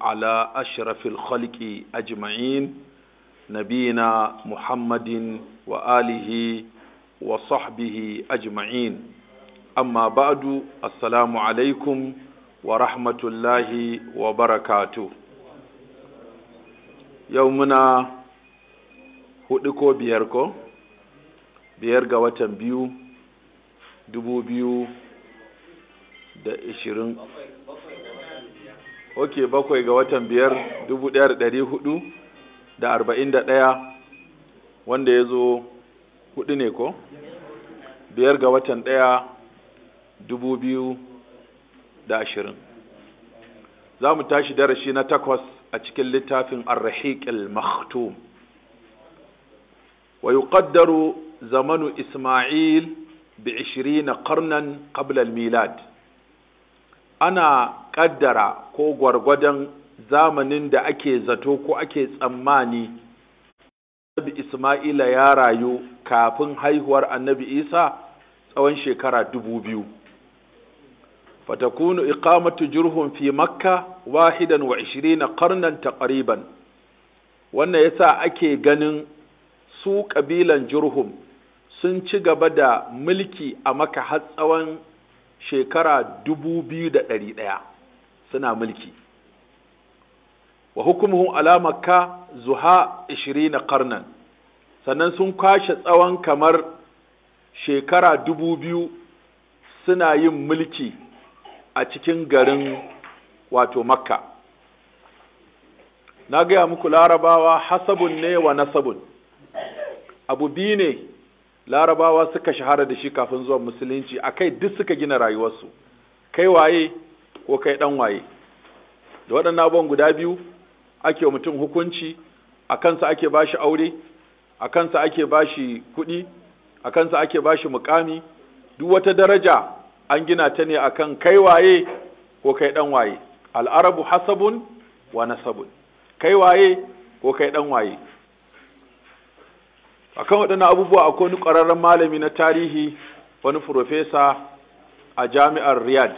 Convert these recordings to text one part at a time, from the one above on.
على أشرف الخلق أجمعين نبينا محمد وآله وصحبه أجمعين أما بعد السلام عليكم ورحمة الله وبركاته يومنا هدكو بيركو بيرغا وتنبيو dubu biyu da ishirin oke bakwai ga watan biyar dubu ɗayar ɗari hudu da arba'in da ɗaya wanda ya zo hudu ne ko biyar ga watan ɗaya dubu biyu da ashirin za mu tashi darashi na takwas a cikin littafin arrahiq al-makhtum wa yuqaddaru zamanu isma'il bi 20 qarnan qabla al-milad ana ƙaddara ko gwargwadon zamanin da ake zato ko ake tsammani annabi Ismaila ya rayu kafin haihuwar annabi Isa tsawon shekara dubu biyu. fatakunu iqamatu jurhun fi makka wahidan wa ishirina karnan taqriban wannan yasa ake ganin su ƙabilan jurhum sun ci gaba da mulki a maka har tsawon shekara dubu biyu da ɗari ɗaya suna mulki wa hukumuhu ala makka zuha ishirina karnan sannan sun kwashe tsawon kamar shekara dubu biyu suna yin mulki a cikin garin wato makka na gaya muku larabawa hasabun ne wa nasabun abu biyu ne larabawa suka shahara da shi kafin zuwan musulunci a kai duk suka gina rayuwarsu kai waye ko kai ɗan waye da waɗannan abubuwan guda biyu ake mutum hukunci a kansa ake bashi aure a kansa ake bashi kuɗi a kansa ake bashi mukami duk wata daraja an gina ta ne akan kai waye ko kai ɗan waye al'arabu hasabun wa nasabun kai waye ko kai ɗan waye akan waɗannan abubuwa akwai wani ƙwararren malami na tarihi wani furofesa a jami'ar riyadh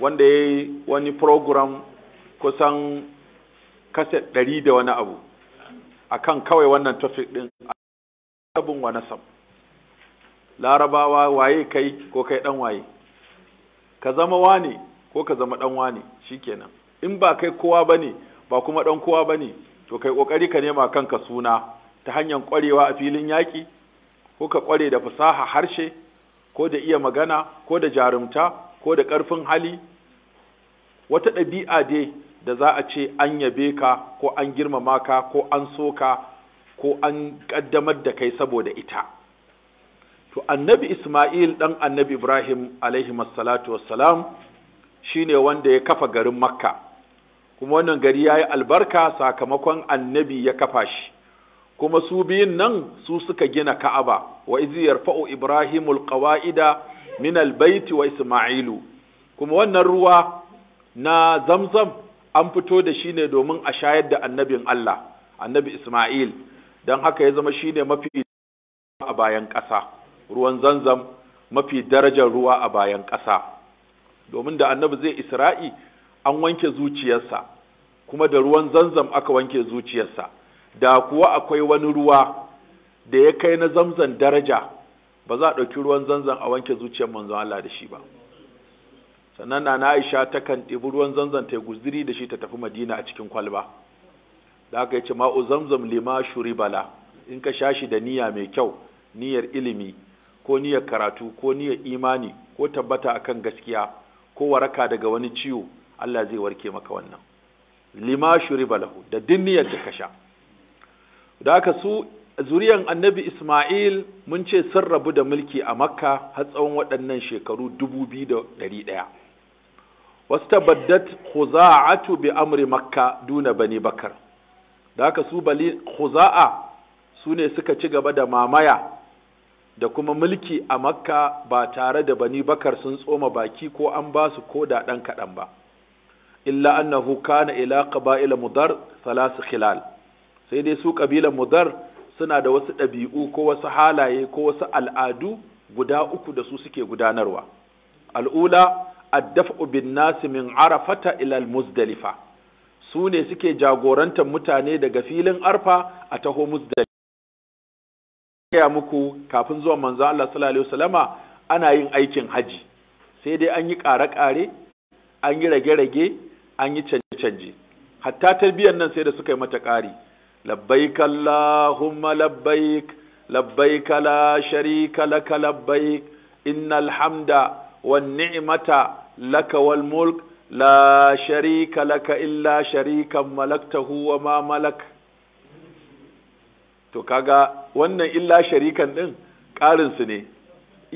wanda ya yi wani program kusan kasa ɗari da wani abu akan kawai wannan topic ɗin sabon wani sam. larabawa waye kai ko kai ɗan waye ka zama wani ko ka zama ɗan wane shikenan in ba kai kowa ba ne, ba kuma ɗan kowa ba ne. to kai ƙoƙari ka nema kanka suna ta hanyar ƙwarewa a filin yaƙi ko ka ƙware da fasaha harshe ko da iya magana ko da jarumta ko da ƙarfin hali wata ɗabi'a dai da za a ce an yabe ka ko an girmama ka ko an so ka ko an ƙaddamar da kai saboda ita to annabi isma'il ɗan annabi ibrahim alaihi salatu shi shine wanda ya kafa garin makka kuma wannan gari ya yi albarka sakamakon annabi ya kafa shi kuma su biyun nan su suka gina ka'aba wa izi yarfa'u ibrahimul qawa'ida min albayti wa isma'ilu kuma wannan ruwa na zamzam an fito da shi ne domin a shayar da annabin Allah annabi Isma'il don haka ya zama shi ne mafi a bayan ƙasa ruwan zanzam mafi darajar ruwa a bayan ƙasa domin da annabi zai isra'i an wanke zuciyarsa kuma da ruwan zanzam aka wanke zuciyarsa da kuwa akwai wani ruwa da ya kai na zamzan daraja ba za a ɗauki ruwan zanzan a wanke zuciyar manzon Allah da shi ba sannan na na Aisha takan ɗibi ruwan zanzan ta guziri da shi ta tafi Madina a cikin kwalba da aka yace ma'u zamzam lima shuribala in ka sha shi da niyya mai kyau niyyar ilimi ko niyyar karatu ko niyyar imani ko tabbata akan gaskiya ko waraka daga wani ciwo Allah zai warke maka wannan lima shuribalahu da duk niyyar da ka sha da aka su zuriyan annabi Ismail mun ce sun rabu da mulki a Makka har tsawon waɗannan shekaru dubu biyu da ɗari ɗaya. Wasu tabaddat Khuza'atu bi amri Makka duna bani Bakar. Da haka su bali Khuza'a su ne suka ci gaba da mamaya da kuma mulki a Makka ba tare da bani Bakar sun tsoma baki ko an ba su ko da ɗan kaɗan ba. Illa annahu kana ila qaba'ila mudar salasu khilal. sai dai su ƙabilar mudar suna da wasu ɗabi'u ko wasu halaye ko wasu al'adu guda uku da su suke gudanarwa al'ula addaf'u bin nasi min arafata ilal muzdalifa su ne suke jagorantar mutane daga filin arfa a taho muzdalifa ya muku kafin zuwa manzo Allah sallallahu alaihi wasallama ana yin aikin haji sai dai an yi ƙare-ƙare an yi rage-rage an yi canje-canje hatta tarbiyyar nan sai da suka yi mata ƙari لبيك اللهم لبيك لبيك لا شريك لك لبيك إن الحمد والنعمة لك والملك لا شريك لك إلا شريكا ملكته وما ملك to kaga wannan illa sharikan din ƙarin su ne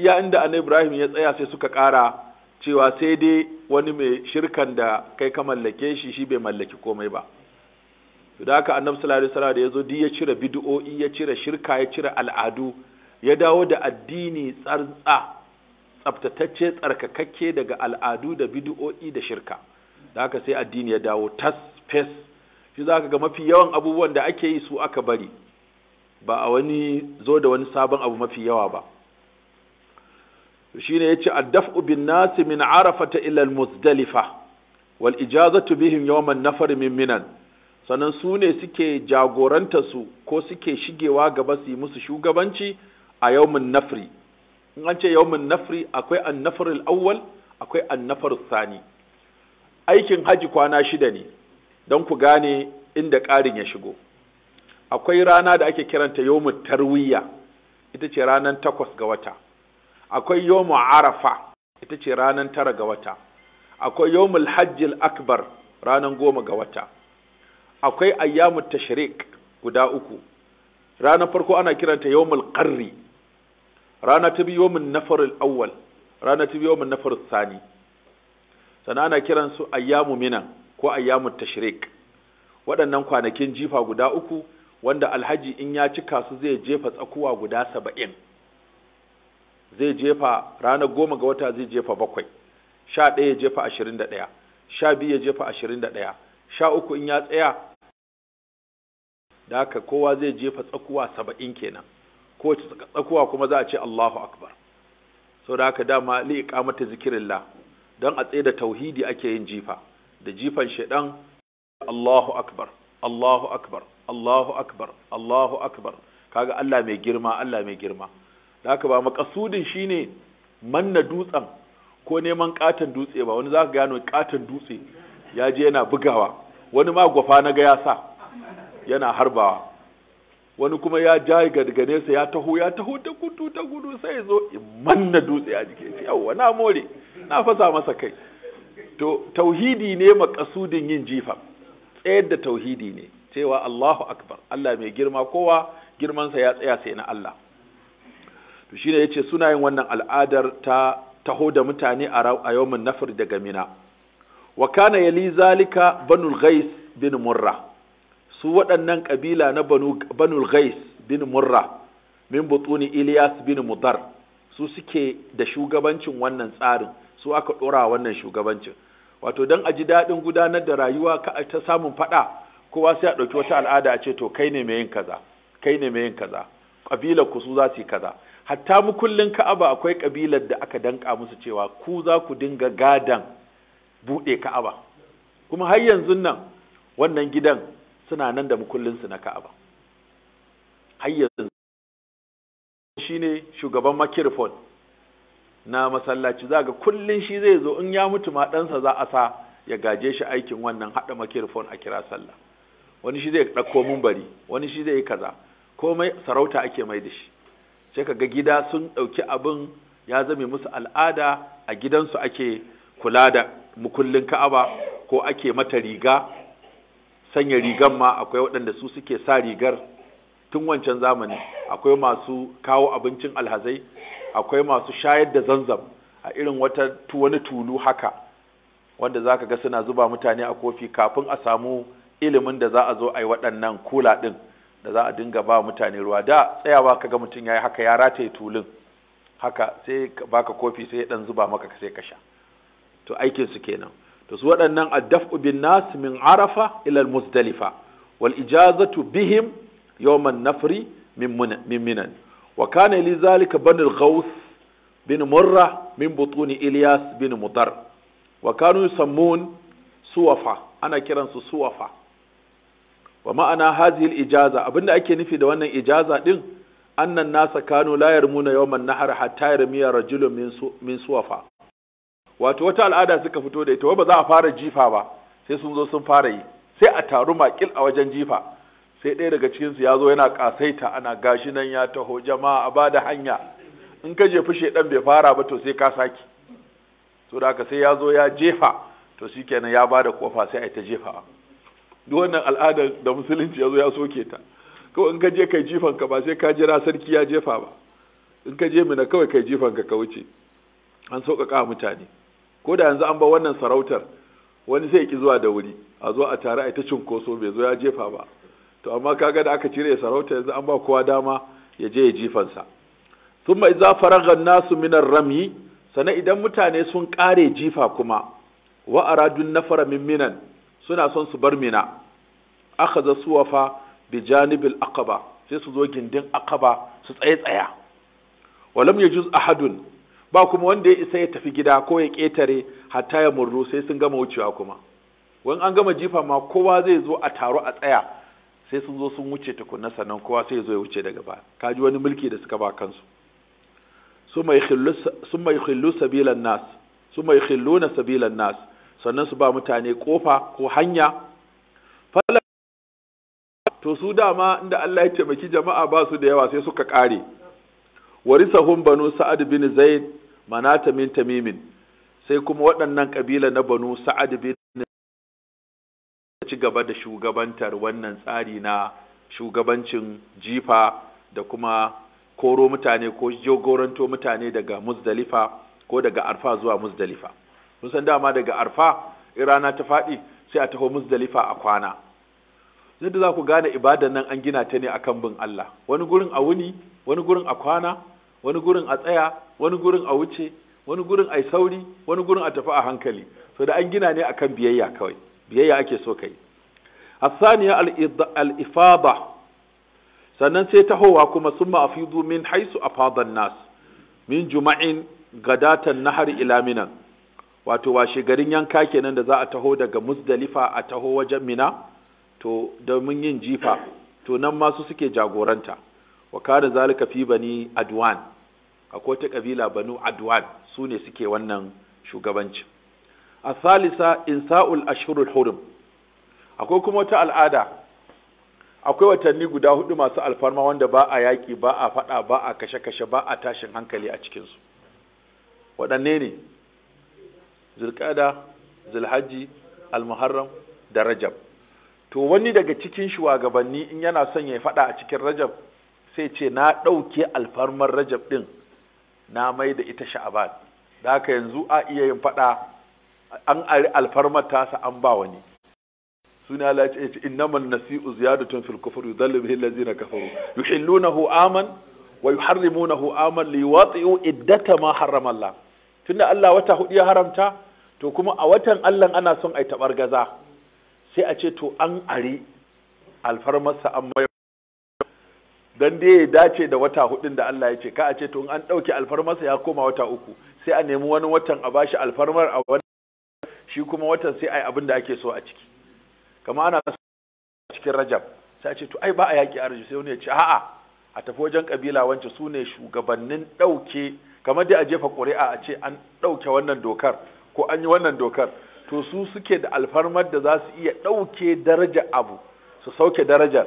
iya inda annabi Ibrahim ya tsaya sai suka ƙara cewa sai dai wani mai shirkan da kai ka mallake shi shi bai mallaki komai ba to da haka annabi sallallahu alaihi wasallam da yazo duk ya cire bid'o'i ya cire shirka ya cire al'adu ya dawo da addini tsartsa tsaftatacce tsarkakakke daga al'adu da bid'o'i da shirka da haka sai addini ya dawo tas fes shi zaka ga mafi yawan abubuwan da ake yi su aka bari ba a wani zo da wani sabon abu mafi yawa ba shine yace addaf'u bin nasi min arafata ila al-muzdalifa wal ijazatu bihim yawman nafar min minan sannan su ne suke jagoranta su ko suke shigewa gaba su yi musu shugabanci a yawmin nafri in an ce yawmin nafri akwai annafar al'awwal akwai annafar sani aikin haji kwana shida ne don ku gane inda ƙarin ya shigo akwai rana da ake kiranta yawmin tarwiya ita ce ranar takwas ga wata akwai yawmin arafa ita ce ranar tara ga wata akwai yawmin hajjil akbar ranar goma ga wata akwai ayyamu tashrik guda uku ranar farko ana kiranta yawmul qarri rana ta biyu yawmul nafar al-awwal rana ta biyu yawmul nafar sani sannan ana kiransu ayyamu minan ko ayyamu tashrik waɗannan kwanakin jifa guda uku wanda alhaji in ya cika su zai jefa tsakuwa guda saba'in zai jefa ranar goma ga wata zai jefa bakwai sha ɗaya jefa ashirin da ɗaya sha biyu jefa ashirin da ɗaya sha uku in ya tsaya da haka kowa zai jefa tsakuwa saba'in kenan kowace tsakuwa kuma za a ce Allahu akbar sau da haka dama li zikirin la don a tsaye da tauhidi ake yin jifa da jifan shaidan Allahu akbar Allahu akbar Allahu akbar Allahu akbar kaga Allah mai girma Allah mai girma da haka ba makasudin shine manna dutsen ko neman katon dutse ba wani zaka gano katon dutse ya je yana bugawa wani ma gwafa na ga ya sa yana harbawa wani kuma ya ja daga nesa ya taho ya taho ta gudu ta gudu sai zo in manna dutse a jikin shi yawwa na more na fasa masa kai to tauhidi ne makasudin yin jifa tsayar da tauhidi ne cewa Allahu akbar Allah mai girma kowa girmansa ya tsaya sai na Allah to shine yace suna yin wannan al'adar ta taho da mutane a yawmin nafir daga mina wa kana yali zalika banul ghais bin murra su waɗannan ƙabila na banul ghais bin murra min butuni ilyas bin mudar su suke da shugabancin wannan tsarin su aka ɗora wannan shugabancin wato don a ji daɗin gudanar da rayuwa ka ta samun faɗa kowa sai a ɗauki wata al'ada a ce to kai ne mai yin kaza kai ne mai yin kaza Ƙabila ku su za su yi kaza hatta mu kullun ka'aba akwai ƙabilar da aka danka musu cewa ku za ku dinga gadan buɗe ka'aba kuma har yanzu nan wannan gidan suna nan da mukullinsu na ka'aba har yanzu shi ne shugaban makirfon na masallaci za ga kullun shi zai zo in ya mutu ma ɗansa za a sa ya gaje shi aikin wannan haɗa makirfon a kira sallah wani shi zai ɗauko mumbari wani shi zai yi kaza komai sarauta ake mai da shi sai ka ga gida sun ɗauki abin ya zame musu al'ada a gidansu ake kula da mukullin ka'aba ko ake mata riga sanya rigar ma akwai waɗanda su suke sa rigar tun wancan zamani akwai masu kawo abincin alhazai akwai masu shayar da zanzam a irin wata wani tulu haka wanda za ka ga suna zuba mutane a kofi kafin a samu ilimin da za a zo a yi waɗannan kula ɗin da za a dinga ba mutane ruwa da tsayawa ka ga mutum ya yi haka ya rataye tulun haka sai baka kofi sai ya ɗan zuba maka sai ka sha to aikinsu kenan to su waɗannan addaf'u bin nas min arafa ila muzdalifa wal ijazatu bihim yawman nafri min minan wa kana li zalika banu al-ghaws bin murra min butuni ilyas bin mutar wa kanu yusammun suwafa ana kiransu suwafa wa ma'ana hadhihi al-ijaza abinda ake nufi da wannan ijaza din annan nasa kanu la yarmuna yawman nahar hatta yarmiya rajulun min suwafa wato wata al'ada suka fito da ita wai ba za a fara jifa ba sai sun zo sun fara yi sai a taru makil a wajen jifa sai ɗaya daga cikinsu ya zo yana kasaita ana gashi nan ya taho jama'a a bada hanya in ka jefi dan bai fara ba to sai ka saki to da haka sai ya zo ya jefa to shi kenan ya bada kofa sai a ta jefa duk wannan al'ada da musulunci ya zo ya soke ta kawai in ka je kai jifan ka ba sai ka jira sarki ya jefa ba in ka je mina kawai kai jifan ka ka wuce an sauƙaƙa mutane ko da yanzu an ba wannan sarautar wani zai ki zuwa da wuri a zo a tare a ta cinkoso bai zo ya jefa ba to amma kaga da aka cire sarauta yanzu an ba kowa dama ya je ya jifansa thumma idza faragha nasu min rami sana idan mutane sun kare jifa kuma wa aradun nafara min minan suna son su bar mina akhadha suwafa bi janibil aqaba sai su zo gindin aqaba su tsaye tsaya walam yajuz ahadun ba kuma wanda ya isa ya tafi gida ko ya ƙetare hatta ya murru sai sun gama wucewa kuma wani an gama jifa ma kowa zai zo a taro a tsaya sai sun zo sun wuce tukunna sannan kowa sai zo ya wuce daga baya ka ji wani mulki da suka ba kansu mai yukhillu sabilan nas summa na sabilan nas sannan su ba mutane kofa ko hanya to su dama inda Allah ya taimaki jama'a ba su da yawa sai suka kare warisahum banu sa'ad bin zaid manata min tamimin sai kuma waɗannan kabila na banu sa'ad bin ci gaba da shugabantar wannan tsari na shugabancin jifa da kuma koro mutane ko jagoranto mutane daga muzdalifa ko daga arfa zuwa muzdalifa mun san dama daga arfa in rana ta faɗi sai a taho muzdalifa a kwana yadda za ku gane ibadan nan an gina ta ne akan bin Allah wani gurin a wuni wani gurin a kwana wani gurin a tsaya wani gurin a wuce wani gurin a sauri wani gurin a tafi a hankali so da an gina ne akan biyayya kawai biyayya ake so kai asaniya al-ifada sannan sai tahowa kuma summa afidu min haisu afadan nas min juma'in gadatan nahar ila minan wato washe garin yanka kenan da za a taho daga muzdalifa a taho wajen mina to domin yin jifa to nan masu suke jagoranta wa zali zalika fi bani adwan akwai ta kabila banu adwan su ne suke wannan shugabanci a salisa insa'ul ashhurul hurum akwai kuma wata al'ada akwai watanni guda hudu masu alfarma wanda ba a yaƙi ba a faɗa ba a kashe-kashe ba a tashin hankali a cikinsu waɗanne ne zulƙada zulhajji almuharram da rajab to wani daga cikin shugabanni in yana son ya faɗa a cikin rajab sai ce na ɗauke alfarmar rajab ɗin na mai da ita sha'aban da haka yanzu a iya yin faɗa an ari alfarmar tasa an ba wani suna la ce ce innamal nasi'u ziyadatun fil kufr yudhallu bihi allazina kafaru yuhillunahu aman wa yuharrimunahu aman liwati'u iddata ma harrama Allah tunda Allah wata hudu ya haramta to kuma a watan Allah ana son yi taɓar gaza sai a ce to an ari alfarmarsa an mai don dai ya dace da wata hudun da Allah ya ce ka a ce to an ɗauke alfarmarsa ya koma wata uku sai a nemi wani watan a bashi alfarmar a wani shi kuma watan sai a yi abin da ake so a ciki kamar ana cikin rajab sai a ce to ai ba a yaki arji sai wani ya ce a'a a tafi wajen kabila wancan su ne shugabannin dauke kamar dai a jefa ƙuri'a a ce an dauke wannan dokar ko an yi wannan dokar to su suke da alfarmar da za su iya dauke daraja abu su sauke darajar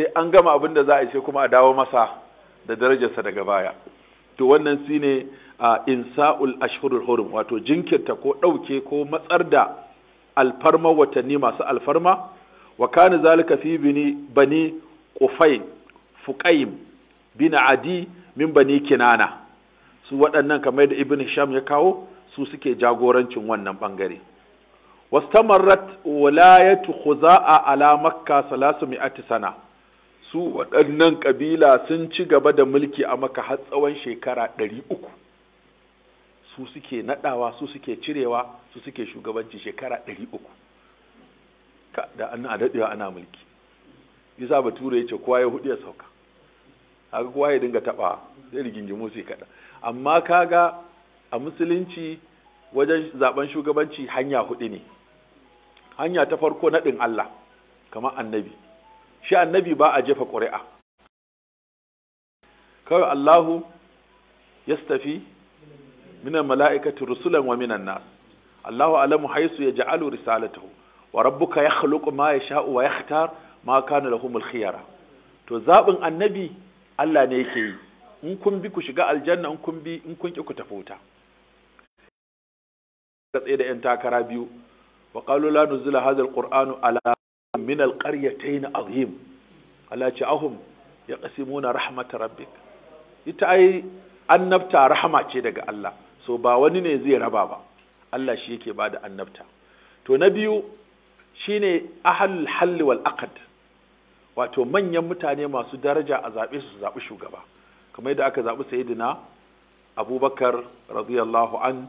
sai an gama abin da za a ce kuma a dawo masa da darajarsa daga baya to wannan shi ne a insa'ul ashhurul hurum wato jinkirta ko ɗauke ko matsar da alfarma watanni masu alfarma wa kana zalika fi bini bani qufay fuqaym bin adi min bani kinana su waɗannan kamar da ibn sham ya kawo su suke jagorancin wannan bangare wastamarrat wilayatu khuza'a ala makka 300 sana su waɗannan ƙabila sun ci gaba da mulki a maka har tsawon shekara ɗari uku su suke naɗawa su suke cirewa su suke shugabanci shekara ɗari uku da an a daɗewa ana mulki isa bature ya ce kowa ya hudu ya sauka haka kowa ya dinga taɓa zai rigingimu sai kaɗa amma kaga a musulunci wajen zaben shugabanci hanya huɗu ne hanya ta farko naɗin Allah kamar annabi shi annabi ba a jefa ƙuri'a kawai Allahu ya stafi minan mala'ikati rusulan wa minan nas Allahu alamu haisu ya ja'alu risalatahu wa rabbuka ya khluqu ma sha'u wa yakhtar ma da lahumul khiyara to zaɓin annabi Allah ne yake yi in kun bi ku shiga aljanna in kun bi in kun ki ku tafi wuta tsaye da yan takara biyu wa qalu la nuzila hadha ala min alƙaryatayn azim Allah ce ahum ya qasimuna rahmat rabbik ita ai annabta rahama ce daga Allah so ba wani ne zai raba ba Allah shi yake bada annabta to na biyu shine ahlul halli wal wato manyan mutane masu daraja a zaɓe su zaɓi shugaba kamar yadda aka zaɓi saidina abubakar radiyallahu an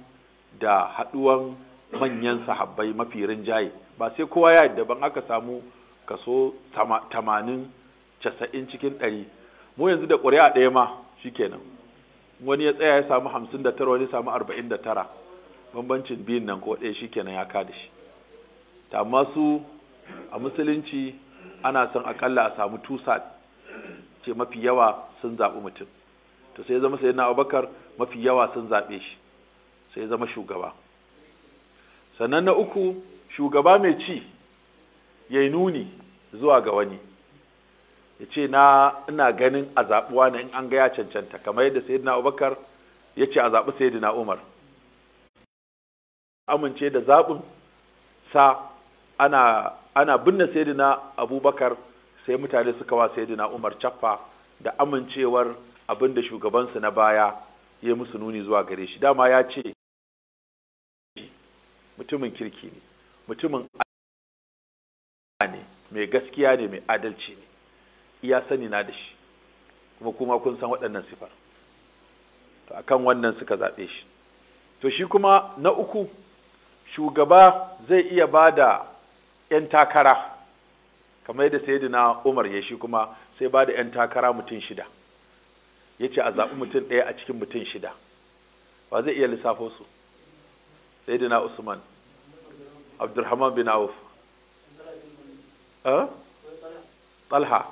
da haɗuwan manyan sahabbai mafi rinjaye ba sai kowa ya yadda ban aka samu kaso tamanin casa'in cikin ɗari mu yanzu da ƙuri'a ɗaya ma shi kenan. wani ya tsaya ya samu hamsin da tara wani samu arba'in da tara bambancin biyun nan ko ɗaya shi kenan ya kada shi ta masu a musulunci ana son aƙalla a samu tusa ce mafi yawa sun zaɓi mutum to sai zama sai na abubakar mafi yawa sun zaɓe shi sai zama shugaba sannan na uku shugaba mai ci ya yi nuni zuwa ga wani ya ce na ina ganin a zaɓuwa na in an gaya cancanta kamar yadda na abubakar ya ce a zaɓi na umar amince da zaɓin sa ana ana binne na abubakar sai mutane suka wa na umar caffa da amincewar abin da shugabansu na baya ya yi musu nuni zuwa gare shi dama ya ce mutumin kirki ne mutumin ne mai gaskiya ne mai adalci ne iya sani na da shi kuma kuma kun san waɗannan sifar to akan wannan suka zaɓe shi to shi kuma na uku shugaba zai iya ba da 'yan takara kamar yadda saidina umar ya shi kuma sai ba da 'yan takara mutum shida ya ce a zaɓi mutum ɗaya a cikin mutum shida ba zai iya lissafo su Saidina usman Abdulrahman bin بن عوف أه؟ طلحة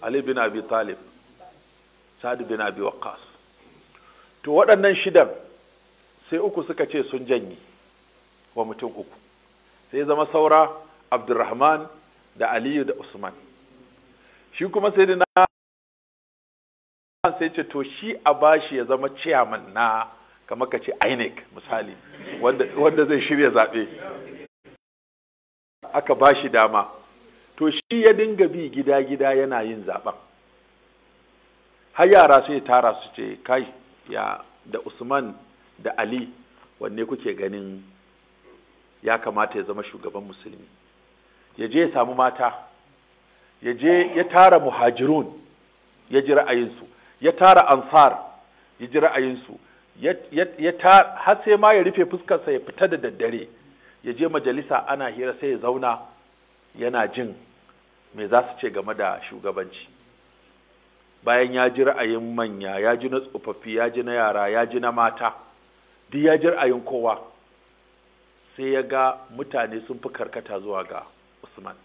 bin abi بن to waɗannan shidan sai uku suka ce sun janye wa mutum uku sai zama saura Abdulrahman da aliyu da usman shi kuma sai da na sai ce to shi a bashi ya zama ciyaman na kamar ka ce INEC misali wanda zai shirya zaɓe aka ba shi dama to shi ya dinga bi gida-gida yana yin zaɓen har yara sai tara su ce kai ya da Usman da Ali wanne kuke ganin ya kamata ya zama shugaban musulmi ya je ya samu mata ya je ya tara muhajirun ya ji ra'ayinsu ya tara ansar ya ji ra'ayinsu ya ta har sai ma ya rufe fuskarsa ya fita da daddare ya je majalisa ana hira sai ya zauna yana jin me za su ce game da shugabanci bayan ya ji ra'ayin manya ya ji na tsofaffi ya ji na yara ya ji na mata duk ya ji ra'ayin kowa sai ya ga mutane sun fi karkata zuwa ga usman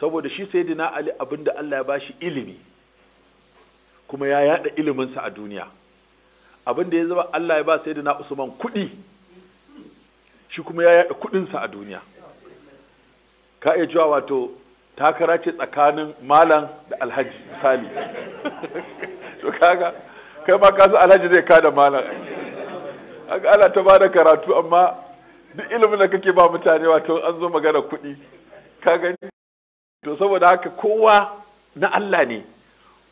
saboda shi sai dina ali abinda allah ya bashi ilimi kuma ya yada iliminsa a duniya abin da ya zama Allah ya ba sai na Usman kuɗi shi kuma ya yada kuɗinsa a duniya ka iya cewa wato takara ce tsakanin malam da alhaji misali to kaga kai ma kasu alhaji zai kada malam kaga Allah ta bada karatu amma duk ilimin da kake ba mutane wato an zo magana kuɗi ka gani to saboda haka kowa na Allah ne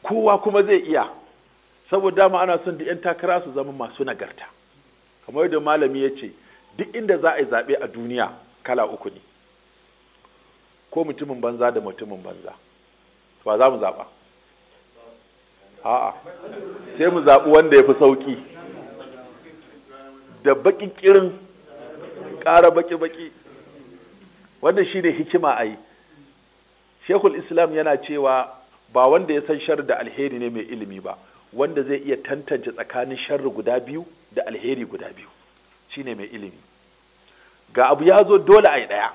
kowa kuma zai iya saboda dama ana son da 'yan takara su zama masu nagarta kamar yadda malami ya ce duk inda za a yi zaɓe a duniya kala uku ne ko mutumin banza da mutumin banza ba za mu zaɓa a'a sai mu zaɓi wanda ya fi sauƙi da baƙi ƙirin ƙara baƙi-baƙi wanda shi ne hikima a yi shekul islam yana cewa ba wanda ya san shar da alheri ne mai ilimi ba wanda zai iya tantance tsakanin sharri guda biyu da alheri guda biyu shine mai ilimi ga abu ya zo dole a yi ɗaya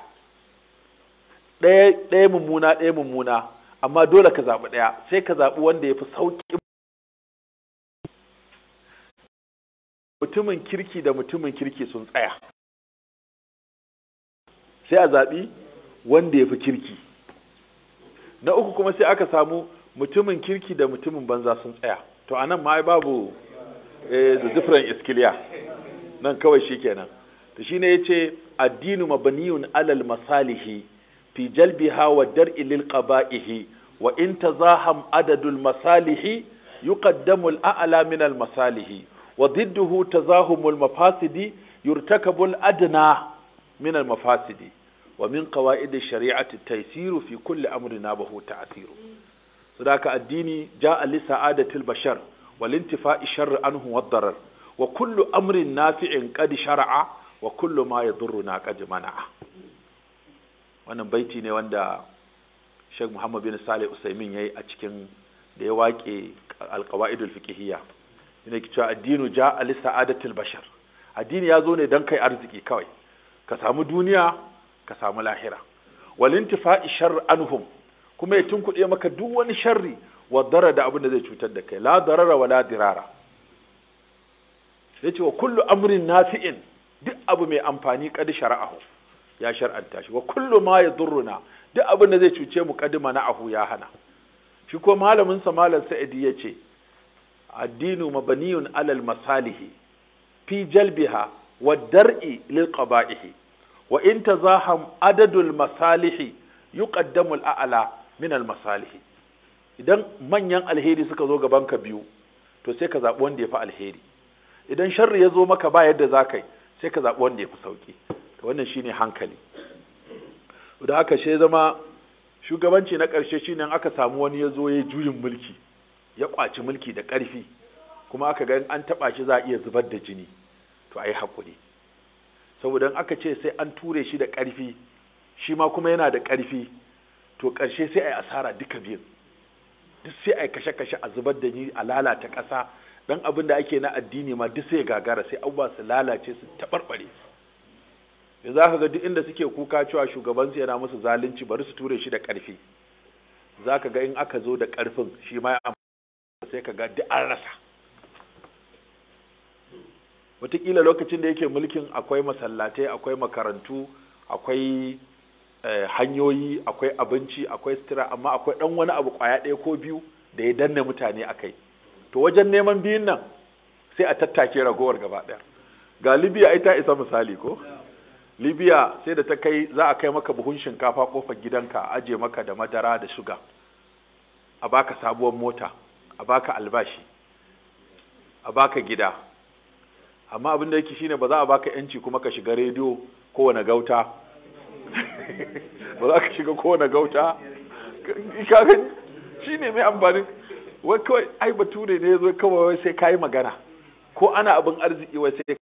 ɗaya mummuna ɗaya mummuna amma dole ka zaɓi ɗaya sai ka zaɓi wanda ya fi sauƙi mutumin kirki da mutumin kirki sun tsaya sai a zaɓi wanda ya fi kirki na uku kuma sai aka samu mutumin kirki da mutumin banza sun tsaya to a nan ma babu eh, The different iskiliya nan kawai shi shikenan to shine yace addinu mabniyun alal masalihi fi jalbiha wa dar'i lil qaba'ihi wa in tazaham adadul masalihi yuqaddamu al a'la min al masalihi wa tazahumul mafasidi. المفاسد adna min minal mafasidi. wa min qawaid shari'ati taysiru fi kulli amrin nabahu ta'siru sadaka addini ja'a li sa'adatil bashar wal intifa'i sharr anhu wad darar wa kullu amrin nafi'in kadi shar'a wa kullu ma yadurruna qad mana. wannan baiti ne wanda Sheikh Muhammad bin Salih Usaimin yi a cikin da ya waƙe alƙawa'idul fiqhiyya yana cewa addinu ja'a Sa'a da Tilbashar. addini ya zo ne don kai arziki kawai ka samu duniya ka samu lahira walintifa'i sharr anhum kuma ya tunkuɗe maka duk wani sharri wa dara da abin da zai cutar da kai la darara wa la dirara yace wa kullu amrin nafi'in duk abu mai amfani kad shara'ahu ya shar'anta shi wa kullu ma yadurruna duk abin da zai cuce mu kad mana'ahu ya hana shi ko malamin sa malam sa'idi ce, addinu mabaniyun alal masalihi fi jalbiha wa dar'i lil qaba'ihi wa in tazaham adadul masalihi yuqaddamu al'ala min al masalihi idan manyan alheri suka zo gaban ka biyu to sai ka zaɓi wanda ya fi alheri idan sharri ya zo maka ba yadda za ka sai ka zaɓi wanda ya fi sauƙi to wannan shine hankali da aka shi zama shugabanci na ƙarshe shine aka samu wani ya zo ya juyin mulki ya kwaci mulki da ƙarfi kuma aka ga an taɓa shi za a iya zubar da jini to a yi haƙuri saboda aka ce sai an ture shi da ƙarfi shi ma kuma yana da ƙarfi to ƙarshe sai a yi asara duka biyun duk sai a yi kashe-kashe a zubar da ni a lalata ƙasa don abin da ake na addini ma duk sai gagara sai abubuwa su lalace su taɓarɓare da za ka ga duk inda suke kuka cewa shugabansu yana musu zalunci bari su ture shi da ƙarfi za ka ga in aka zo da ƙarfin shi ma ya sai ka ga duk an rasa wataƙila lokacin da yake mulkin akwai masallatai akwai makarantu akwai eh, hanyoyi akwai abinci akwai sutura amma akwai ɗan wani abu ƙwaya ɗaya ko biyu da ya danne mutane a kai to wajen neman biyun nan sai a tattake ragowar gaba ɗaya ga libya ai ta isa misali ko libya sai da ta kai za a kai maka buhun shinkafa kofar gidanka a aje maka da madara da shuga a baka sabuwar mota a baka albashi a baka gida amma abin da yake shine ba za a baka yanci kuma ka shiga rediyo kowane gauta ba za ka shiga kowane gauta kagan shi ne mai amfani wai kawai ai bature ne zo kawai sai kayi magana ko ana abin arziki wai sai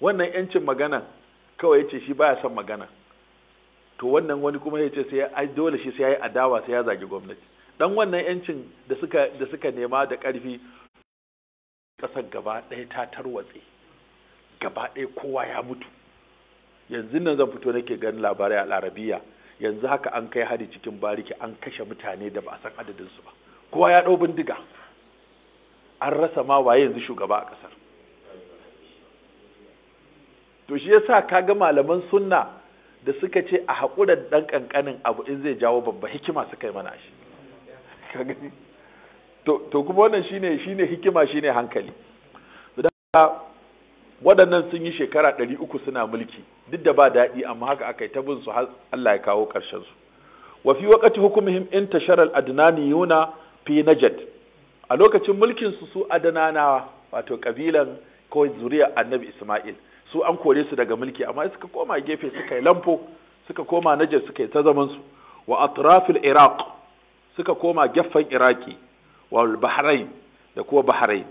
wannan yancin magana kawai ya ce shi baya son magana to wannan wani kuma ya ce sai dole shi sai ya yi adawa sai ya zagi gwamnati dan wannan yancin da suka nema da karfi ƙasar gaba ɗaya ta tarwatse gaba ɗaya kowa ya mutu yanzu nan zan fito nake ganin labarai a larabiya yanzu haka an kai hari cikin bariki an kashe mutane da ba a san adadinsu ba kowa ya ɗau bindiga an rasa ma waye yanzu shugaba a ƙasar to shi yasa ga malaman sunna da suka ce a haƙura ɗan ƙanƙanin abu in zai jawo babba hikima suka yi mana shi to kuma wannan shine shine hikima shine hankali waɗannan sun yi shekara ɗari uku suna mulki duk da ba daɗi amma haka aka yi ta bin su har Allah ya kawo ƙarshen su wa fi waqati hukumihim in al-adnaniyuna fi najd a lokacin mulkin su su adananawa wato kabilan ko zuriya annabi Isma'il su an kore su daga mulki amma suka koma gefe suka yi lampo suka koma najd suka yi ta zaman su wa atrafil iraq suka koma gefen iraki wal bahrain da kuma bahrain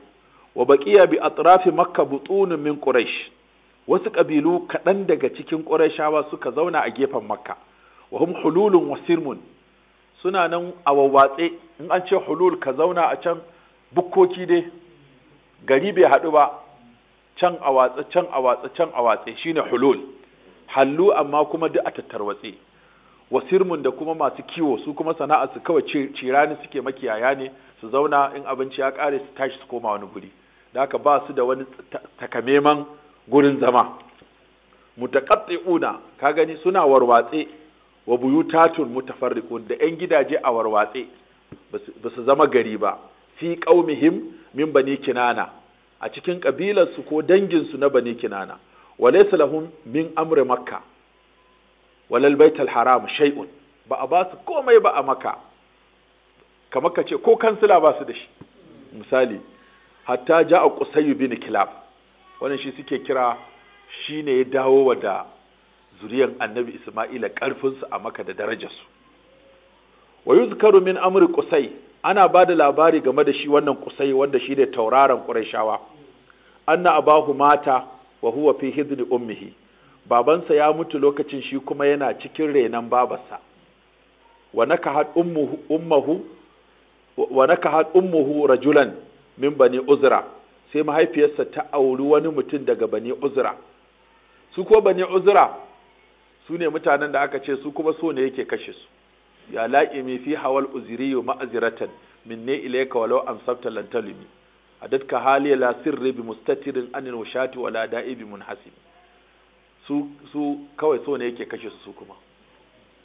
wa baqiya bi atrafin makka butun min quraish wasu kabilu kaɗan daga cikin qurayshawa suka zauna a gefen makka wa hum hululun wa suna nan a wawatse in an ce hulul ka zauna a can bukkoki dai gari bai haɗu ba can a watsa can a watsa can a shine hulul hallu amma kuma duk a tattarwatse wasirmun da kuma masu kiwo su kuma sana'a su kawai cirani suke makiyaya ne su zauna in abinci ya ƙare su tashi su koma wani guri da haka ba su da wani takameman gurin zama una ka gani suna warwatse wa buyutatun mutafarriqun da yan gidaje a warwatse ba su zama gari ba fi qaumihim min bani kinana a cikin kabilarsu ko danginsu na bani kinana laysa lahum min amri makka walal baitul haram shay'un ba a ba su komai ba a makka kamar ka ce ko kansila ba su da shi misali hatta ja a kusayu bin kilab wannan shi suke kira shi ne ya dawo wa da zuriyar annabi isma'ila ƙarfinsu a maka da darajarsu wa yuzkaru min amri kusai ana ba da labari game da shi wannan kusai wanda shi ne tauraron ƙurashawa anna abahu mata wa huwa fi hidri ummihi babansa ya mutu lokacin shi kuma yana cikin renon babarsa wa nakahat ummuhu wa nakahat ummuhu rajulan min bani uzra sai mahaifiyarsa ta auri wani mutum daga bani uzra su ko bani uzra su ne mutanen da aka ce su kuma so ne yake kashe su ya la'imi fi hawal uzriyu ma'aziratan minne ilayka walau amsabta lan a adadka hali la sirri bi mustatirin anil washati wala da'i bi munhasib su su kawai so ne yake kashe su kuma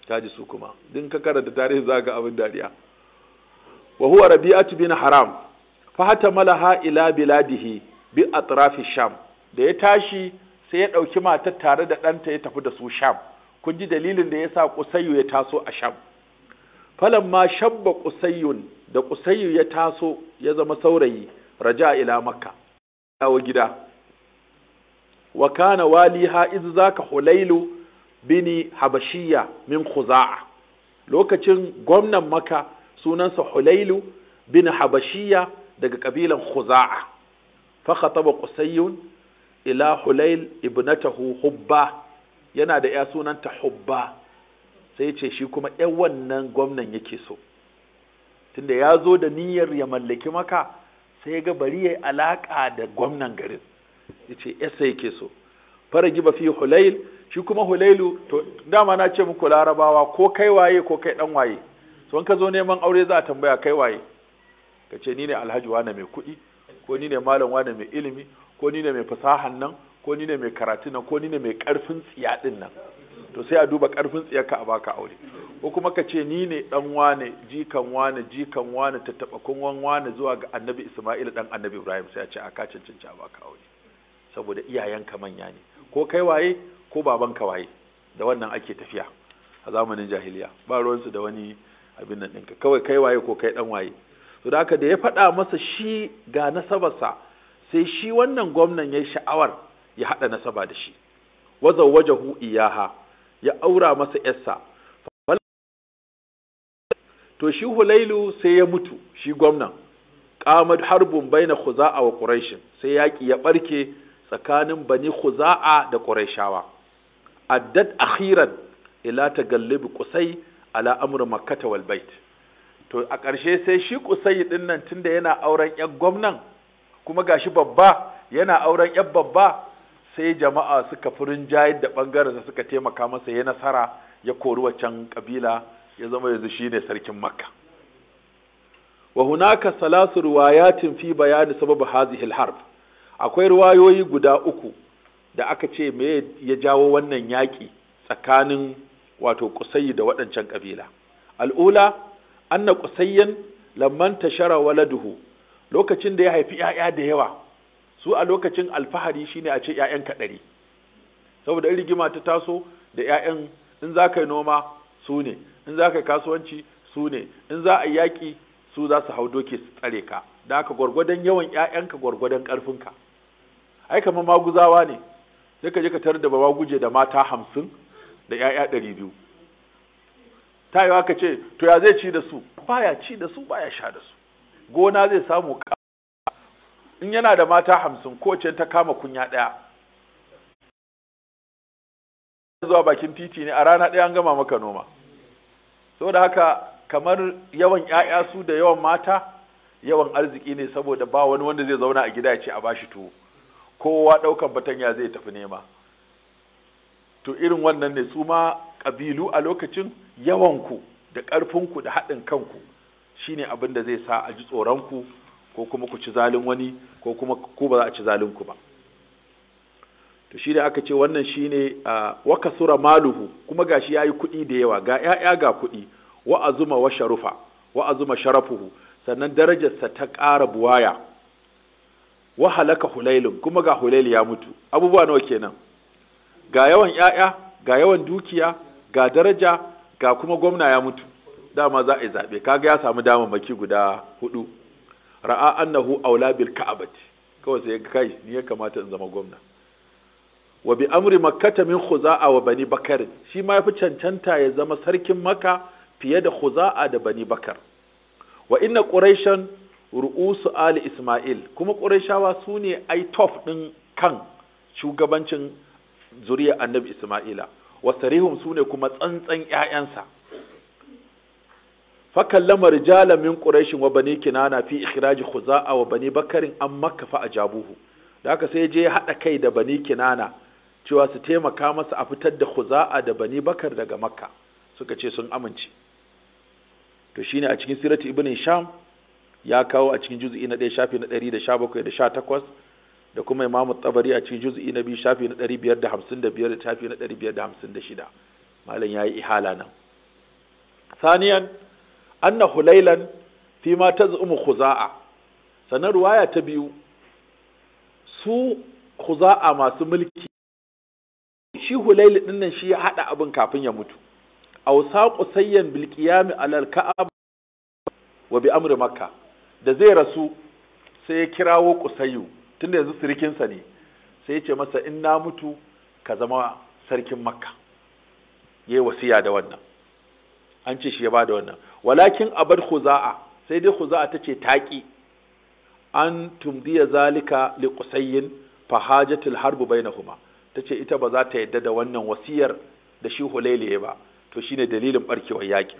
taji su kuma din ka karanta tarihi zaga abin dariya wa huwa rabi'atu bin haram fa malaha ila biladihi bi atrafi sham da ya tashi sai ya ɗauki matar tare da ɗanta ya tafi da su sham kun ji dalilin da ya sa ƙusayyu ya taso a sham falamma shabba ƙusayyun da ƙusayyu ya taso ya zama saurayi raja ila makka dawo gida wa kana waliha iz zaka hulailu bini Habashiya min khuza'a lokacin gwamnan makka sunansa hulailu bin habashiya daga kabilan khuza'a fa khataba qusayyun ila hulail ibnatahu hubba yana da ya sunanta hubba sai ce shi kuma yan wannan gwamnan yake so tunda ya zo da niyyar ya mallaki maka sai ga bari ya alaƙa da gwamnan garin yace yasa yake so faragi ba fi hulail shi kuma hulailu to dama na ce muku larabawa ko kai waye ko kai dan waye so ka zo neman aure za a tambaya kai waye ka ce ni ne alhaji wane mai kuɗi ko ni ne malam wane mai ilimi ko ni ne mai fasahan nan ko ni ne mai karatu nan ko ni ne mai karfin tsiya din nan to sai a duba karfin ka a baka aure ko kuma ka ce ni ne dan wane jikan wane jikan wane tattabakun wan wane zuwa ga annabi Isma'il dan annabi Ibrahim sai a ce a ka cancanci a baka aure saboda iyayenka manya ne ko kai waye ko baban ka waye da wannan ake tafiya a zamanin jahiliya ba ruwansu da wani abin nan ɗinka kawai kai waye ko kai ɗan waye to da haka da ya faɗa masa shi ga nasabarsa sai shi wannan gwamnan ya yi sha'awar ya haɗa nasaba da shi wazawwajahu iyaha ya aura masa yarsa to shi hulailu sai ya mutu shi gwamnan qamad harbun baina khuza'a wa quraish sai yaki ya barke tsakanin bani khuza'a da quraishawa addat akhiran ila tagallib qusay ala amr makkata wal bait to a ƙarshe sai shi kusayi din nan tunda yana auren yar gwamnan kuma gashi babba yana auren yar babba sai jama'a suka furin jayar da bangaren suka taimaka masa ya nasara ya kori waccan kabila ya zama yanzu shine sarkin makka wa hunaka salasu riwayatin fi bayani sabab hadhihi al akwai riwayoyi guda uku da aka ce me ya jawo wannan yaki tsakanin wato kusayi da waɗancan ƙabila al'ula anna kusayyan lamman tashara waladuhu lokacin da ya haifi ‘ya'ya da yawa su a lokacin alfahari shine a ce ‘ya'yan kaɗari saboda in rigima ta taso da ‘ya'yan in za ka yi noma su ne in za ka yi kasuwanci su ne in za a yi yaƙi su za su hau doki su tsare ka da haka gwargwadon yawan ‘ya'yanka gwargwadon ƙarfinka ai kamar maguzawa ne sai ka je ka tarar da ba guje da mata hamsin da 'ya'ya ɗari biyu ta yi haka ce to ya zai ci da su baya ci da su baya sha da su gona zai samu in yana da mata hamsin kowace ta kama kunya ɗaya zuwa bakin titi ne a rana ɗaya an gama maka noma So da haka kamar yawan 'ya'ya su da yawan mata yawan arziki ne saboda ba wani wanda zai zauna a gida ya ce a bashi tuwo kowa ɗaukan fatanya zai tafi nema to irin wannan ne su ma ƙabilu a lokacin yawanku da ƙarfinku da haɗin kanku shine abin da zai sa a ji tsoronku ko kuma ku ci zalin wani ko kuma ku ba za a ci zalin ku ba to shi ne aka ce wannan shine wa kasura maluhu kuma ga shi ya yi kuɗi da yawa ga yaya ga kuɗi wa azuma wa sharufa wa azuma sharafuhu sannan darajarsa ta ƙara buwaya wa halaka hulailun kuma ga hulail ya mutu abubuwa nawa kenan ga yawan 'ya'ya ga yawan dukiya ga daraja ga kuma gwamna ya mutu dama za a yi zaɓe kaga ya samu damammaki guda hudu ra'a annahu aula bil ka'abati kawai sai kai ni ya kamata in zama gwamna wa bi amri makkata min khuza'a wa bani bakar shi ma yafi cancanta ya zama sarkin maka fiye da khuza'a da bani bakar wa inna quraishan ru'usu ali isma'il kuma quraishawa sune ai top ɗin kan shugabancin zuriya annabi Isma'ila wasarihum sune kuma tsantsan ƴaƴansa fakan rijala min quraishin wa bani kinana fi ikhraji khuza'a wa bani bakarin an makka a jabuhu da haka sai je ya hada kai da bani kinana cewa su taimaka masa a fitar da khuza'a da bani bakar daga makka suka ce sun amince to shine a cikin sirati ibn sham ya kawo a cikin juz'i na 1 shafi na 117 da takwas. da kuma imamu tabari a cikin juz'i na biyu shafi na biyar da shafi na shida. malam yayi ihala nan saniyan anna hulailan fi ma taz'umu khuza'a sanan ruwaya ta biyu su kuza'a masu mulki shi hulail din nan shi ya haɗa abin kafin ya mutu Ausa saqu sayyan bil alal ka'ab wa bi amri makka da zai rasu sai ya kirawo kusayyu. tunda yanzu sirikinsa ne sai ya ce masa in na mutu ka zama sarkin makka yayi wasiya da wannan an ce shi ya bada wannan walakin abad khuza'a sai dai khuza'a tace taƙi. an tumdiya zalika li qusayyin fa hajatul harbu bainahuma tace ita ba za ta yadda da wannan wasiyar da shi hulaili ba to shine dalilin barkewar yakin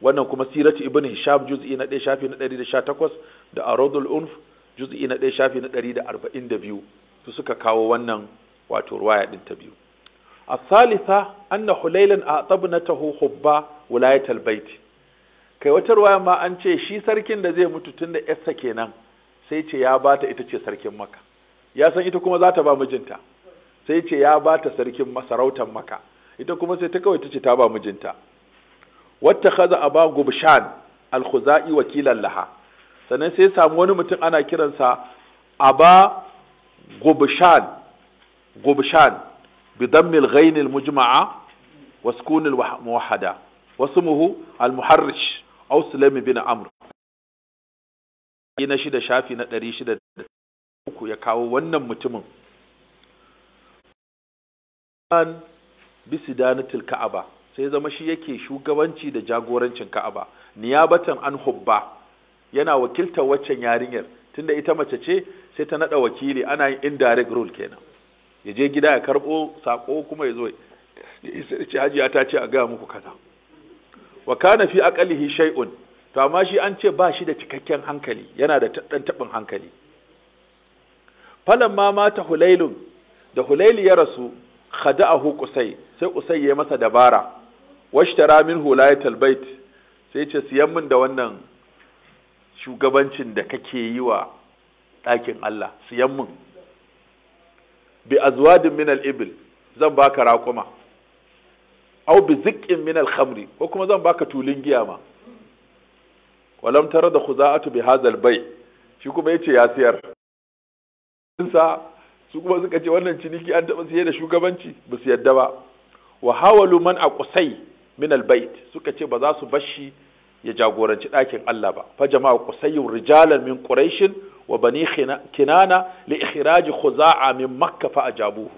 wannan kuma siratu ibn hisham juz'i na 1 shafi na 118 da aradul unf juz'i na ɗaya shafi na ɗari da arba'in da biyu su suka kawo wannan wato ruwaya ɗin ta biyu الثالثة أن حليلا taho-hubba wulayatal البيت kai wata ruwaya ma an ce shi sarkin da zai mutu tun da yarsa kenan sai ce ya bata ita ce sarkin maka ya san ita kuma za ta ba mijinta sai ce ya bata sarkin masarautar maka ita kuma sai ta kawai ta ce ta ba mijinta wata kaza ba gubshan al-khuzai wakilan laha sannan sai ya samu wani mutum ana kiransa aba gubshan gubshan bi ghain mujma'a wa sukun al wasu muhu al aw bin amr na shida shafi na shida da uku ya kawo wannan mutumin an bisidanatil ka'aba sai zama shi yake shugabanci da jagorancin ka'aba niyabatan an hubba yana wakiltar waccan yarinyar tunda ita mace ce sai ta nada wakili ana yin indirect rule kenan ya je gida ya karbo sako kuma ya zo ya ce hajiya ta ce a gaya muku kaza wa kana fi aqalihi shay'un to amma shi an ce ba shi da cikakken hankali yana da dan tabin hankali falan mamata mata hulailun da hulaili ya rasu khada'ahu qusay sai qusay ya masa dabara washtara minhu ya bait sai ce siyan min da wannan shugabancin da kake yi wa ɗakin Allah siyan mun bi azwadin min al-ibil zan baka raƙuma aw bi zikin min al-khamri ko kuma zan baka tulin giya ma walam tara da khuza'atu bi hadha al-bay shi kuma yace ya siyar sa su kuma suka ce wannan ciniki an taɓa siye da shugabanci ba su yadda ba wa hawalu man a kusai min bai suka ce ba za su bashi ya jagoranci ɗakin Allah ba fa jama'a qusayyu rijalan min quraish wa bani kinana li ikhraj khuza'a min makka fa ajabuhu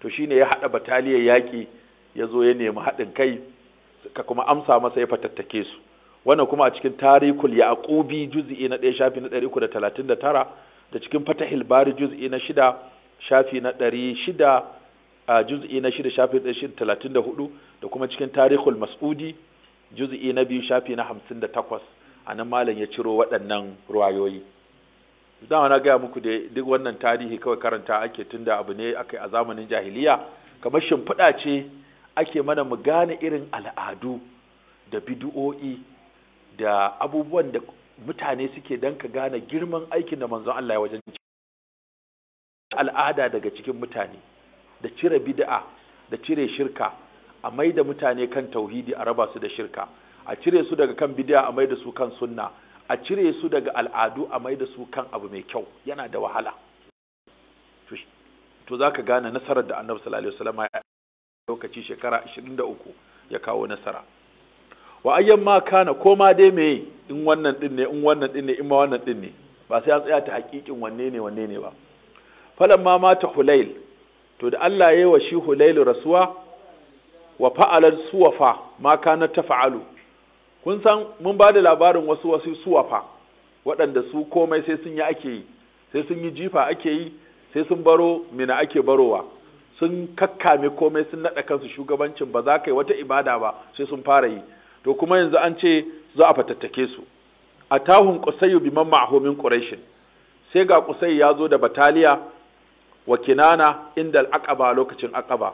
to shine ya hada bataliyar yaki ya zo ya nemi haɗin kai ka kuma amsa masa ya fatattake su wannan kuma a cikin tarikul yaqubi juz'i na 1 shafi na 339 da cikin fatahil bari juz'i na 6 shafi na 600 a juz'i na 6 shafi na 634 da kuma cikin tarikul mas'udi juz'i na biyu shafi na hamsin da takwas a nan malam ya ciro waɗannan ruwayoyi dama na gaya muku da duk wannan tarihi kawai karanta ake tunda abu ne aka a zamanin jahiliya kamar shimfiɗa ce ake mana mu gane irin al'adu da bidu'o'i da abubuwan da mutane suke don ka gane girman aikin da manzon Allah ya wajen al'ada daga cikin mutane da cire bid'a da cire shirka a mai da mutane kan tauhidi a raba su da shirka a cire su daga kan bidiya a mai da su kan sunna a cire su daga al'adu a mai da su kan abu mai kyau yana da wahala to za ka gane nasarar da annabi sallallahu alaihi wasallam ya lokaci shekara 23 ya kawo nasara wa ayyan ma kana ko ma dai me in wannan din ne in wannan din ne in ma wannan din ne ba sai an tsaya ta hakikin wanne ne wanne ne ba falan ma mata hulail to da Allah ya yi wa shi hulailu rasuwa wa fa'alar suwafa ma kana fa'alu kun san mun ba da labarin wasu wasu suwafa waɗanda su komai sai sun yi ake yi sai sun yi jifa ake yi sai sun baro mina ake barowa sun kakkame komai sun naɗa kansu shugabancin ba za ka yi wata ibada ba sai sun fara yi to kuma yanzu an ce za a fatattake su a tahun kusayyu biman mahumin quraishin sai ga kusayyu ya zo da bataliya wa kinana inda al'aqaba lokacin aqaba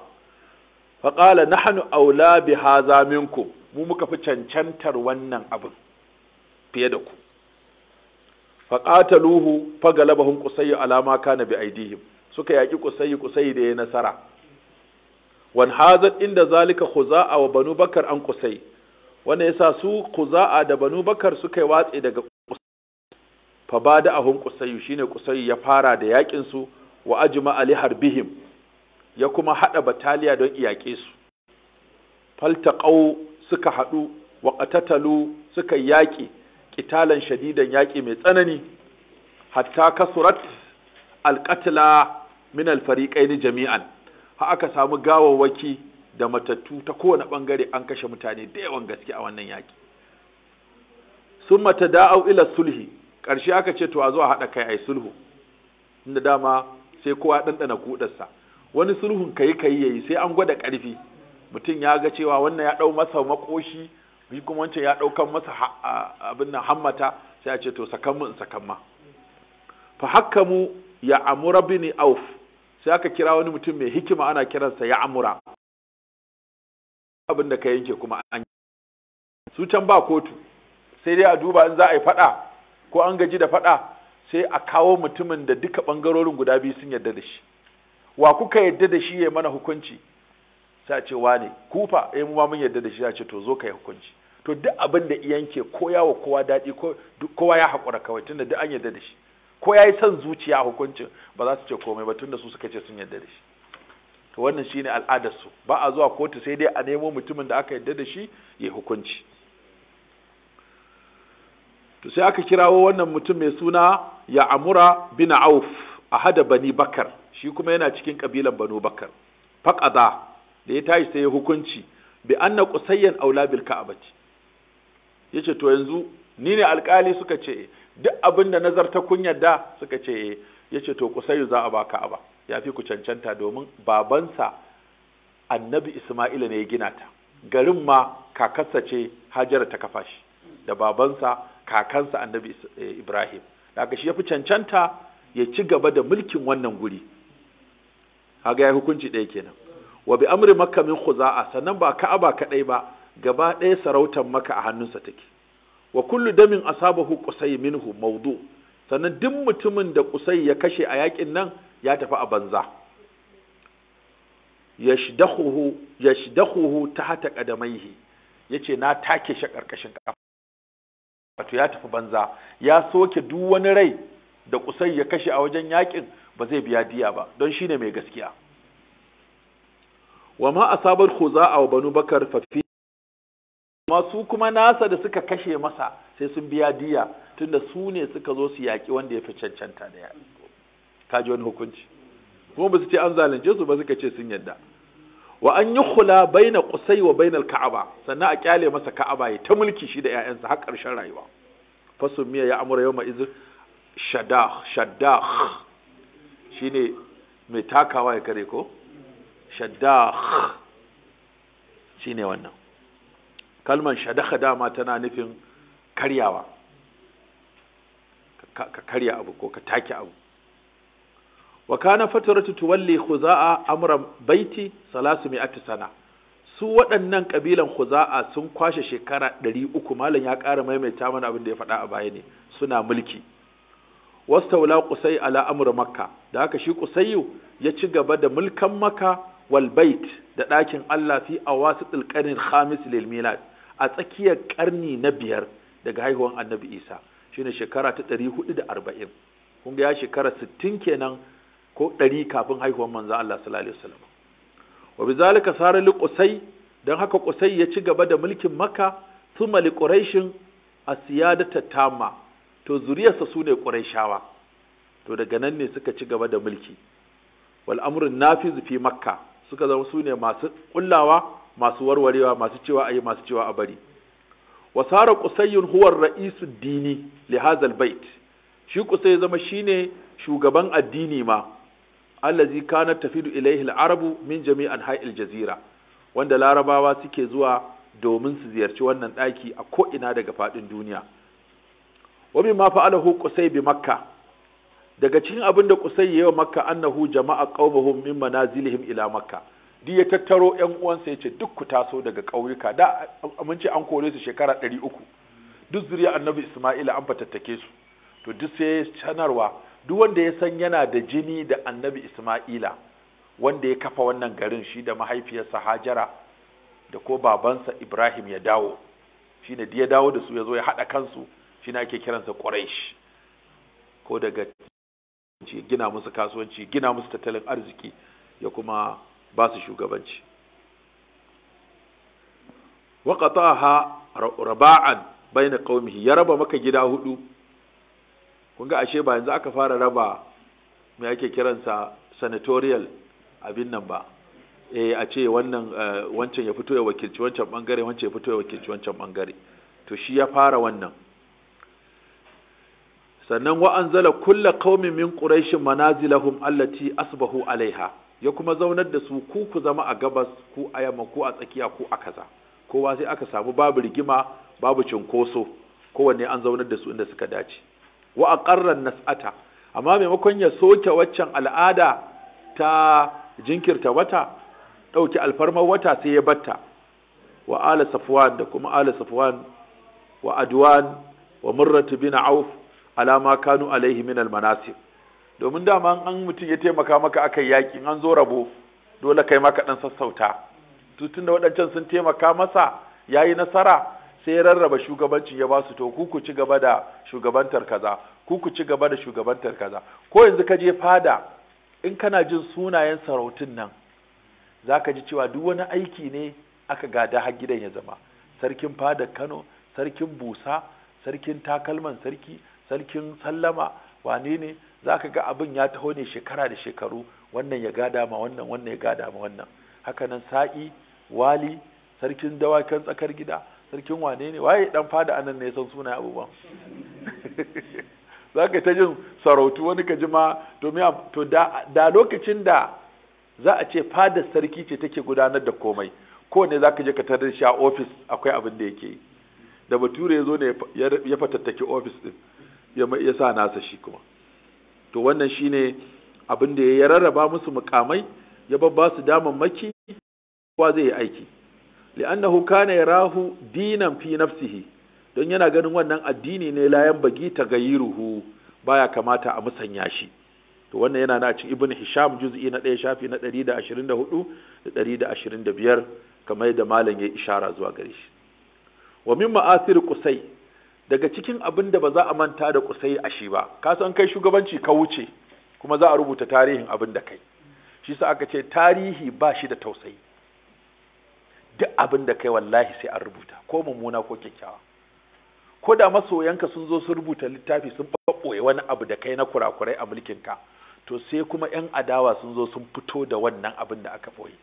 faƙala na hannu aula bi haza minku mu muka fi cancantar wannan abin fiye da ku Faƙata faƙataluhu fagalabahun kusayi alama kana bi aidihim suka yaƙi kusayi kusayi da ya nasara wan hazat inda zalika khuza'a wa banu bakar an kusayi wanda sa su kuza'a da banu bakar suka yi watsi daga fa bada ahun kusayyu shine kusayyu ya fara da yakin su wa ajma ali harbihim ya kuma haɗa bataliya don iyaƙe su faltaƙau suka haɗu wa ƙatatalu suka yaƙi ƙitalan shadidan yaƙi mai tsanani hatta kasurat alƙatila min alfariƙaini jami'an ha aka samu gawawwaki da matattu ta kowane ɓangare an kashe mutane da yawan gaske a wannan yaƙi sun mata da'au ila sulhi ƙarshe aka ce to a zo haɗa kai a yi sulhu inda dama sai kowa ɗanɗana kuɗarsa wani sulhun kai kai yayi sai an gwada karfi mutum ya ga cewa wannan ya ɗau masa makoshi bi kuma wancan ya daukan masa abin nan hammata sai a ce to sakan in sakan ma fa hakkamu ya amura bin auf sai aka kira wani mutum mai hikima ana kiransa ya amura abin da ka yanke kuma an su can ba kotu sai dai a duba in za a yi faɗa, ko an gaji da faɗa, sai a kawo mutumin da duka bangarorin guda biyu sun yarda da shi wa kuka yadda da shi ya mana hukunci sai ce wane kufa eh mu ma mun yadda da shi ya ce to zo kai hukunci to duk abin da yanke ko yawo kowa daɗi kowa ya haƙura kawai tunda duk an yadda da shi ko ya yi son zuciya hukuncin ba za su ce komai ba tunda su suka ce sun yadda da shi to wannan shine al'adar su ba a zuwa kotu sai dai a nemo mutumin da aka yadda da shi ya hukunci to sai aka kirawo wannan mutum mai suna ya amura bin auf a hada bani bakar shi kuma yana cikin kabilan banu bakar faqada da ya tashi sai ya hukunci bi anna qusayyan aula bil ka'abati yace to yanzu ni ne alkali suka ce duk abin da ta kunyar da suka ce yace to qusayyu za a ba aba ya fi ku cancanta domin babansa annabi isma'ila ne ya gina ta garin ma kakarsa ce hajara ta kafa shi da babansa kakansa annabi eh, ibrahim da shi ya fi cancanta ya ci gaba da mulkin wannan guri kaga ya hukunci ɗaya kenan wa bi amri makka min khuza'a sannan ba ka'aba kadai ba gaba ɗaya sarautar maka a hannunsa take wa kullu damin asabahu qusay minhu mawdu sannan duk mutumin da qusay ya kashe a yakin nan ya tafi a banza yashdahu yashdahuhu tahta qadamaihi yace na take shi karkashin kafa wato ya tafi banza ya soke duk wani rai da qusay ya kashe a wajen yakin ba zai biya diya ba don shi ne mai gaskiya wa ma asabar a wa banu bakar fafi masu kuma nasa da suka kashe masa sai sun biya diya tunda su ne suka zo su yaƙi wanda ya fi cancanta da yaƙi ji wani hukunci kuma ba su ce an zalunce su ba suka ce sun yadda wa an yi hula baina kusai wa na ka'aba sannan a kyale masa ka'aba ya ta mulki shi da 'ya'yansa har ƙarshen rayuwa miya ya amura yau ma'izin shaddakh shine mai takawa ya kare ko shaddah shine wannan kalmar shadakha dama tana nufin karyawa ka karya abu ko ka take abu wa kana fataratu tuwalli khuza'a amra baiti Salasu 300 sana su waɗannan kabilan khuza'a sun kwashe shekara 300 malam ya ƙara maimaita mana abin da ya faɗa a baya ne suna mulki wastaula qusay ala amr makka da haka shi qusayyu ya ci gaba da mulkan makka wal bait da ɗakin Allah fi a awasitil tsilkarin khamis lil milad a tsakiyar karni na biyar daga haihuwan annabi Isa shine shekara ta ɗari 440 kun ga ya shekara sittin kenan ko ɗari kafin haihuwan manzo Allah sallallahu alaihi wasallam wa bizalika sara li qusay dan haka qusay ya ci gaba da mulkin makka thumma li quraishin asiyadata tamma to zuriyarsa su ne ƙurayshawa to daga nan ne suka ci gaba da mulki wal amrun nafiz fi makka suka zama su ne masu kullawa masu warwarewa masu cewa ayi masu cewa a bari wa sara qusayyun huwa ar dini li bait shi qusay zama shine shugaban addini ma allazi kana tafidu ilayhi al-arabu min jami'an anha'il jazira wanda larabawa suke zuwa domin su ziyarci wannan daki a ko ina daga fadin duniya wa ma fa'alahu qusay bi makka daga cikin abin da qusay yayi wa makka annahu jama'a qaumahum min manazilihim ila makka di ya tattaro yan uwansa yace duk ku taso daga ƙauyuka da mun ce an kore su shekara 300 duk zuriya annabi isma'ila an fatattake su to duk sai sanarwa duk wanda ya san yana da jini da annabi isma'ila wanda ya kafa wannan garin shi da mahaifiyarsa hajara da ko babansa ibrahim ya dawo shi ne ya dawo da su ya zo ya haɗa kansu shi na ake kiransa quraish ko daga gina musu kasuwanci gina musu tattalin arziki ya kuma ba su shugabanci wa raba'an raba'an na ƙaumihi, ya raba maka gida hudu kun ga ashe ba yanzu aka fara raba mai ake kiransa senatorial abin nan ba eh a ce wannan eh, wancan ya fito ya wakilci wancan bangare wancan ya fito ya wakilci wancan bangare to shi ya fara wannan sannan wa anzala kulla qaumin min quraishin manazilahum allati asbahu alaiha ya kuma zaunar da su ku ku zama a gabas ku a yamma ku a tsakiya ku a kaza kowa sai aka samu babu rigima babu cinkoso kowanne an zaunar da su inda suka dace wa aqarran nas'ata amma maimakon ya soke waccan al'ada ta jinkirta wata ɗauki alfarmar wata sai ya batta wa ala safwan da kuma ala safwan wa adwan wa murratu bin auf alama kanu alaihi min almanasib domin dama an mutum ya taimaka maka aka yaƙi an zo rabo dole kai maka dan sassauta tutun da waɗancan sun taimaka masa yayi nasara sai ya rarraba shugabanci ya ba su to ku ku ci gaba da shugabantar kaza ku ku ci gaba da shugabantar kaza ko yanzu ka je fada in kana jin sunayen sarautun nan zaka ji cewa duk wani aiki ne aka gada har gidan ya zama sarkin fada Kano sarkin Busa sarkin takalman sarki sarkin sallama wane ne za ka ga abin ya taho ne shekara da shekaru wannan ya gada ma wannan wannan ya gada ma wannan hakanan sa'i wali sarkin dawakan tsakar gida sarkin wane ne waye dan fada anan ne san suna abubuwan za ka ta jin sarautu wani ka ji ma to da lokacin da za a ce fada sarki ce take gudanar da komai ko ne za ka je ka tarar shi a ofis akwai abin da yake yi da bature ya zo ne ya fatattaki ofis din ya sa nasa shi kuma to wannan shine abin da ya rarraba musu mukamai ya babba su maki kowa zai yi aiki li'annahu kana yarahu dinan fi nafsihi don yana ganin wannan addini ne layan bagi ta gayiruhu baya kamata a musanya shi to wannan yana na cikin ibn hisham juz'i na 1 shafi na 124 da 125 kamar da malam ya ishara zuwa gare shi wa min ma'asir qusay daga cikin abin da ba za a manta da kusai a shi ba ka san kai shugabanci ka wuce kuma za a rubuta tarihin abin da kai shi sa aka ce tarihi ba shi da tausayi duk abin da kai wallahi sai an rubuta ko mummuna ko kyakkyawa ko da masoyanka sun zo sun rubuta littafi sun faɓoye wani abu da kai na kurakurai a mulkin ka, to sai kuma 'yan adawa sun zo sun fito da wannan abin da aka ɓoye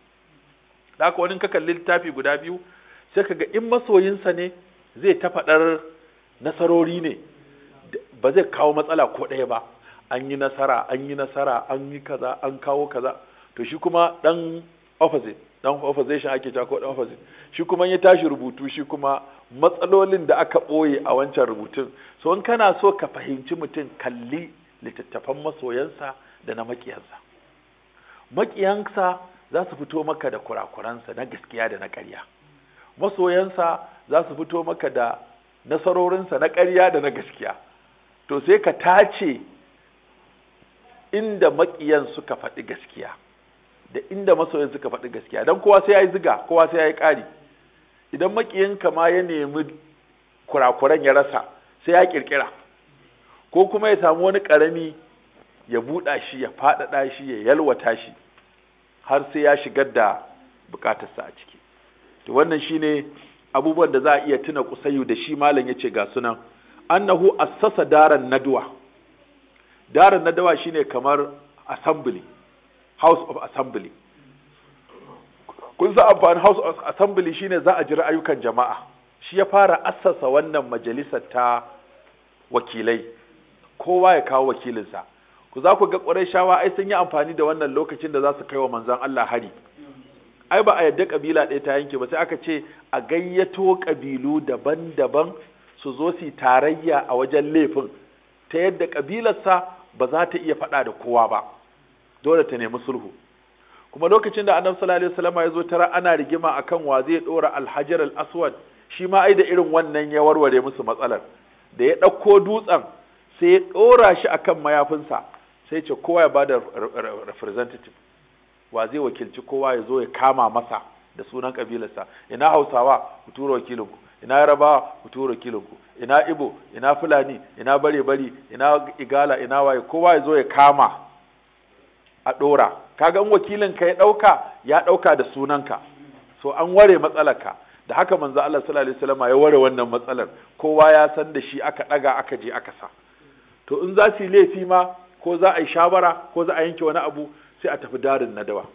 da aka wani ka kalli littafi guda biyu sai ka ga in masoyinsa ne zai ta faɗar nasarori ne ba zai kawo matsala ko ɗaya ba an yi nasara an yi nasara an yi kaza an kawo kaza to shi kuma dan opposite dan opposition ake cewa ko dan opposite shi kuma ya tashi rubutu shi kuma matsalolin da aka ɓoye a wancan rubutun so in kana so ka fahimci mutum kalli littattafan masoyansa da na makiyansa Maƙiyansa za su fito maka da kurakuransa na gaskiya da na ƙarya masoyansa za su fito maka da nasarorinsa na ƙarya da na gaskiya to sai ka tace inda maƙiyan suka faɗi gaskiya da inda masoyan suka faɗi gaskiya don kowa sai ya yi ziga kowa sai ya yi ƙari idan maƙiyanka ma ya nemi kurakuran ya rasa sai ya ƙirƙira ko kuma ya samu wani ƙarami ya buɗa shi ya faɗaɗa shi ya yalwata shi har sai ya shigar da buƙatarsa a ciki to wannan shine abubuwan da za a iya tuna kusayu da shi malam ya ce ga sunan annahu assasa daran nadwa daran nadwa shine kamar assembly house of assembly kun sa amfani house of assembly shine za a ji ra'ayukan jama'a shi ya fara assasa wannan majalisar ta wakilai kowa ya kawo wakilinsa ku za ku ga ƙwarai shawa ai sun yi amfani da wannan lokacin da za su kai wa manzon Allah hari ai ba a yadda kabila ɗaya ta yanke ba sai aka ce a gayyato kabilu daban-daban su zo su tarayya a wajen laifin ta yadda kabilarsa ba za ta iya faɗa da kowa ba dole ta nemi sulhu kuma lokacin da annabi sallallahu alaihi wasallam ya zo tara ana rigima akan wa zai dora alhajar al-aswad shi ma ai da irin wannan ya warware musu matsalar da ya ɗauko dutsen sai ya ɗora shi akan mayafinsa sai ce kowa ya ba da representative wa zai wakilci kowa ya zo ya kama masa da sunan kabilarsa ina hausawa ku tura wakilinku ina yarabawa ku tura wakilinku ina ibo ina fulani ina bare bari ina igala ina waye kowa ya zo ya kama a ka kaga wakilin ka ya ɗauka ya ɗauka da sunanka so an ware matsalarka da haka manzo Allah sallallahu alaihi wasallam ya ware wannan matsalar kowa ya san da shi aka daga aka je aka sa to in za su yi laifi ma ko za a yi shawara ko za a yanke wani abu sai a tafi darin nadawa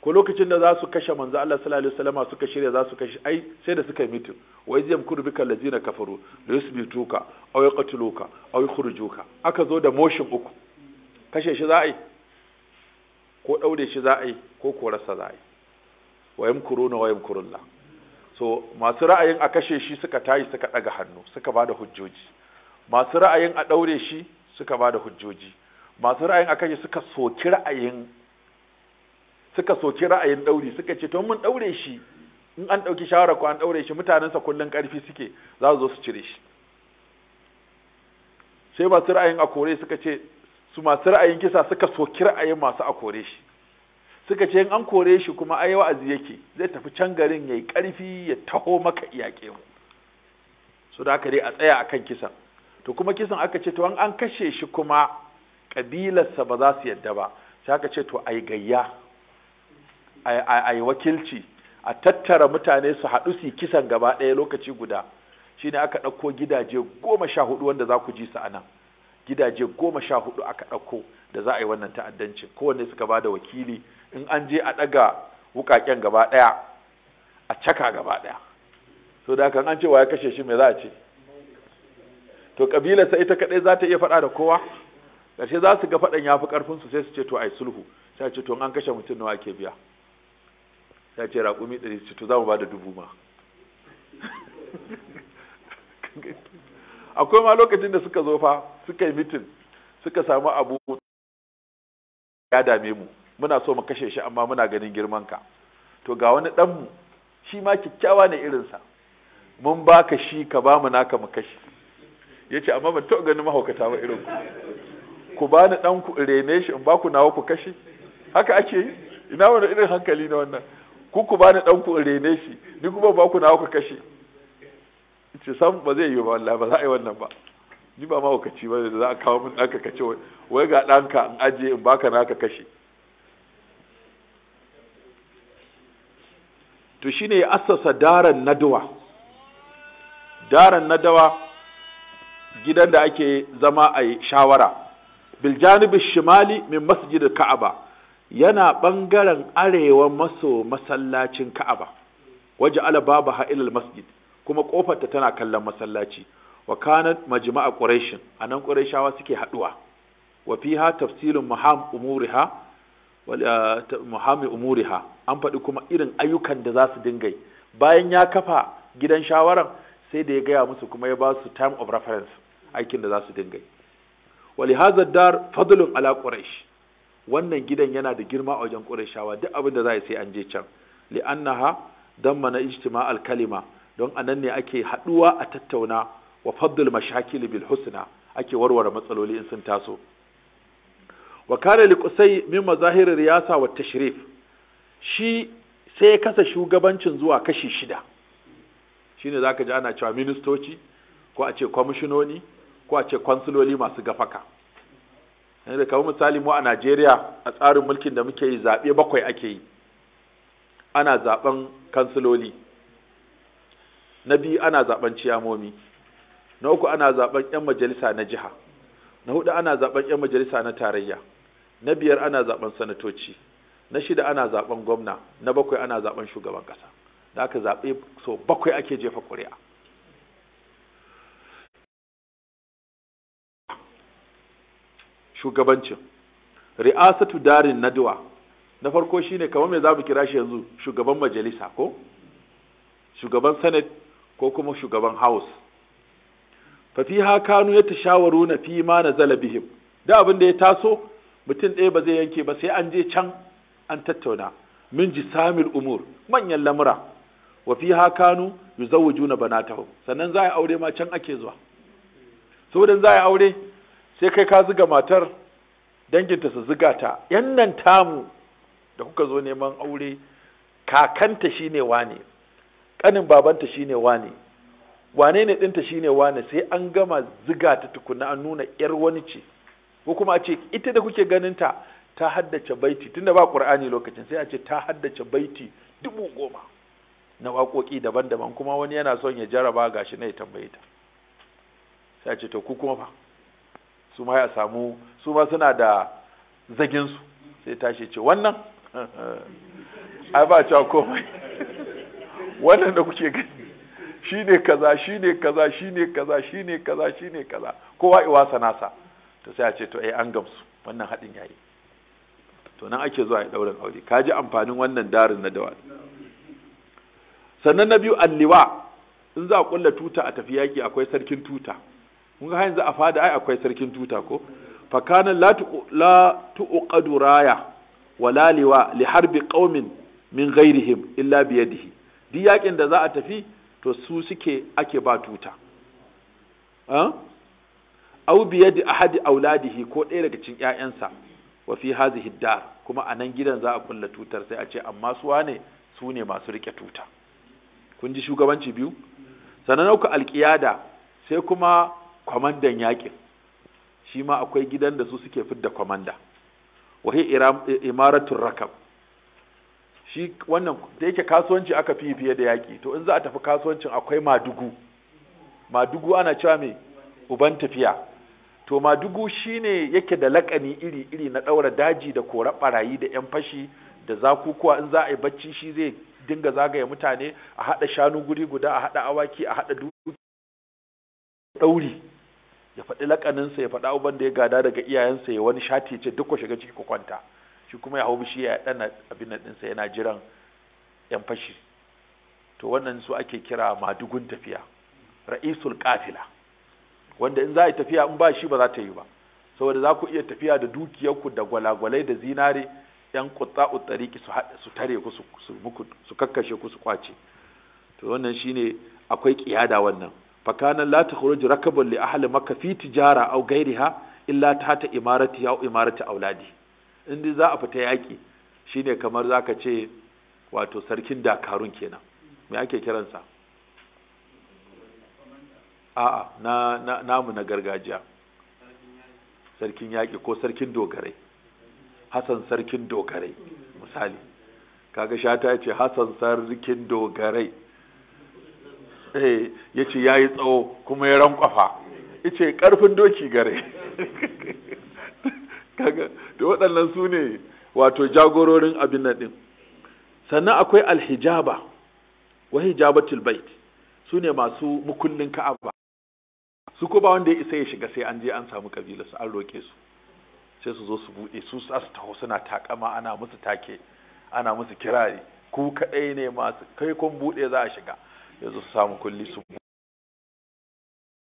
ko lokacin da za su kashe manzo Allah sallallahu alaihi wasallam suka shirya za su kashe ai sai da suka yi mitin wai zai yamkuru bika allazina kafaru yusbituka aw yaqtuluka aw yukhrijuka aka zo da motion uku kashe shi za a yi ko daure shi za a yi ko korarsa za a yi wa yamkuruna wa yamkurullah so masu ra'ayin a kashe shi suka tayi suka daga hannu suka bada hujjoji masu ra'ayin a daure shi suka bada hujjoji masu ra'ayin akashi suka soki ra'ayin suka soki ra'ayin ɗauri suka ce to mun ɗaure shi in an ɗauki shawarar ko an ɗaure shi mutanensa kullum ƙarfi suke za su zo su cire shi sai masu ra'ayin akore suka ce su masu ra'ayin kisa suka soki ra'ayin masu akore shi suka ce in an kore shi kuma ai wa'azi yake zai tafi can garin yayi ƙarfi ya taho maka iyake mu so da aka dai a tsaya akan kisan to kuma kisan aka ce to an kashe shi kuma kabilarsa ba za su yadda ba sai aka ce to ai gayya ai wakilci a tattara mutane su haɗu su kisan gaba ɗaya lokaci guda shine aka ɗauko gidaje goma sha hudu wanda za ku ji su anan. gidaje goma sha hudu aka ɗauko da za a yi wannan ta'addanci. kowanne suka ba da wakili in an je a ɗaga wukaken gaba ɗaya a caka gaba ɗaya so da haka an ce wa ya kashe shi me za a ce to kabilarsa ita kaɗai za ta iya faɗa da kowa karshe za su ga faɗan ya fi ƙarfin su sai su ce to ai sulhu sai ce to an kashe mutum nawa ake biya sai ce raƙumi ɗari ce to za mu ba da dubu ma akwai ma lokacin da suka zo fa suka yi mitin suka samu abu ya dame mu muna so mu kashe shi amma muna ganin girman ka to ga wani ɗanmu shi ma kyakkyawa ne irinsa mun baka shi ka ba mu naka mu kashe ya ce amma ban taɓa ganin mahaukata ba irin ku ku ba ni ɗan ku rene shi in ba ku nawa ku kashe haka ake yi ina wani irin hankali na wannan ku ku ba ni ɗan ku rene shi ni kuma ba ku nawa ku kashe ce sam ba zai yi ba wallahi ba za a yi wannan ba ni ba kaci ba za a kawo min ɗanka ka kace wai ga ɗanka in ajiye in baka naka kashe to shine ya assasa daren nadawa daren nadawa gidan da ake zama a shawara biljanibin shimali min masjid ka'aba yana bangaren arewa maso masallacin ka'aba waje ala babu ha'ilal masjid kuma kofar ta tana kallon masallaci wa kana majma'a quraishin anan quraishawa suke haduwa wa fiha tafsilun muham umuriha umuriha an faɗi kuma irin ayyukan da za su dinga bayan ya kafa gidan shawaran sai da ya gaya musu kuma ya ba su time of reference aikin da za su dinga wali hazar dar fadlun ala quraish wannan gidan yana da girma a wajen ƙurashawa duk abin da za a sai an je can li annaha na ijtima al kalima don anan ne ake haduwa a tattauna wa faddul mashakil bil husna ake warware matsaloli in sun taso wa kana li qusay min mazahir riyasa wa tashrif shi sai ya kasa shugabancin zuwa kashi shida shine zaka ji ana cewa ministoci ko a ce kwamishinoni ko a ce kwansiloli masu gafaka yanzu kamar misali mu a najeriya a tsarin mulkin da muke yi zaɓe bakwai ake yi ana zaɓen kansiloli na biyu ana zaɓen ciyamomi na uku ana zaɓen 'yan majalisa na jiha na hudu ana zaɓen 'yan majalisa na tarayya na biyar ana zaɓen sanatoci na shida ana zaɓen gwamna na bakwai ana zaɓen shugaban ƙasa da aka zaɓe so bakwai ake jefa ƙuri'a shugabancin ri'asatu darin nadwa na farko shine kamar me za mu kira shi yanzu shugaban majalisa ko shugaban senate ko kuma shugaban house fa ha kanu na fi ma nazala bihim da abin da ya taso mutum ɗaya ba zai yanke ba sai an je can an tattauna min ji samir umur manyan lamura wa ha kanu na taho sannan za a aure ma can ake zuwa saboda za a aure sai kai ka ziga matar danginta su zuga ta yan nan tamu da kuka zo neman aure kakanta shine wane kanin babanta shine wane wane ne ɗinta shine wane sai an gama ziga ta tukuna an nuna yar wani ce ko kuma a ce ita da kuke ganin ta ta haddace baiti tunda ba qur'ani lokacin sai a ce ta haddace baiti dubu goma na waƙoƙi daban-daban kuma wani yana son ya jaraba gashi na ya tambaye ta sai a ce to ku kuma fa su ma ya samu su ma suna da zaginsu sai tashi ce wannan ai ba cewa komai wannan da kuke gani shi ne kaza shi ne kaza shi ne kaza shi ne kaza shi ne kaza kowa iwa nasa to sai a ce to ai eh, an gamsu wannan haɗin yayi to nan ake zuwa ya ɗaurin aure ka ji amfanin wannan darin na dawa sannan na biyu alliwa in za a kulla tuta a tafi yaƙi akwai sarkin tuta mun ga yanzu a fada ai akwai sarkin tuta ko fa kana la la tuqadu raya wala liwa li harbi qaumin min ghairihim illa bi yadihi duk yakin da za a tafi to su suke ake ba tuta au bi yadi ahadi auladihi ko ɗaya daga cikin ƴaƴansa wa fi hadhihi dar kuma a nan gidan za a kulla tutar sai a ce amma su wane su ne masu rike tuta kun ji shugabanci biyu sanan uku alƙiyada sai kuma kwamandan yakin shi ma akwai gidan da su suke fidda kwamanda wahi imaratun rakab shi wannan da yake kasuwanci aka fi fiye da yaƙi to in za a tafi kasuwancin akwai madugu madugu ana cewa mai uban tafiya to madugu shine yake da lakani iri iri na ɗaura daji da kora ɓarayi da yan fashi da zakukuwa in za a yi bacci shi zai dinga zagaya mutane a haɗa shanu guri guda a haɗa awaki a haɗa duki ɗauri ya faɗi lakaninsa ya faɗa abubuwan da ya gada daga iyayensa ya wani shati ce duk ku shiga ciki ku kwanta shi kuma ya hau bishi ya ɗan abin nan ɗinsa yana jiran yan fashi to wannan su ake kira madugun tafiya ra'isul kafila wanda in za a yi tafiya in ba shi ba za ta yi ba saboda za ku iya tafiya da dukiyarku da gwalagwalai da zinare yan kutsa'u tsariki su tare ku su kakkashe ku su kwace to wannan shine akwai kiyada wannan fakana la takhruju rakabun li ahli makka fi tijara aw ghairiha illa tahta imarati aw imarati auladi in za a fita yaki shine kamar zaka ce wato sarkin dakarun kenan me ake kiransa a'a na, na namu na gargajiya sarkin yaƙi ko sarkin dogarai hassan sarkin dogarai misali kaga shata ya ce hassan sarkin dogarai ya ce ya yi tsawo kuma ya rankwafa ya ce karfin doki gare da waɗannan su ne wato jagororin abin nan ɗin sannan akwai alhijaba wa hijabatul bait su ne masu mukullin ka'aba su ko ba wanda ya isa ya shiga sai an je an samu kabila su an roke su sai su zo su buɗe su su taho suna takama ana musu take ana musu kirari ku kaɗai ne masu kai kun buɗe za a shiga ya zo su samu kulli su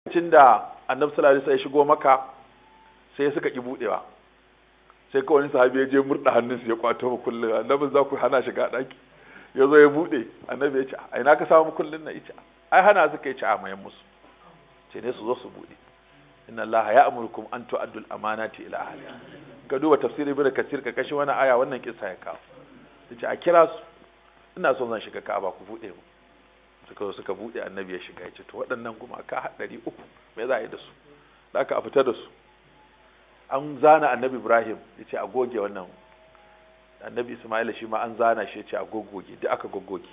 lokacin da annabi sallallahu alaihi ya shigo maka sai suka ki budewa sai kawai wani sahabi ya je murda hannunsa ya kwato kullun annabi za ku hana shiga daki ya zo ya bude annabi ya ce a ina ka samu kullun na ita ai hana suka yi ci mayan musu ce ne su zo su bude inna allaha ya'murukum an tu'addul amanati ila ahliha ka duba tafsiri ibn kasir ka kashi wani aya wannan kisa ya kawo ce a kira su ina son zan shiga ka'aba ku bude mu suka suka buɗe annabi ya shiga ya ce to waɗannan gumaka ɗari uku me za a yi da su da aka fita da su an zana annabi ibrahim ya ce a goge wannan annabi ismaila shi ma an zana shi ya ce a goggoge duk aka goggoge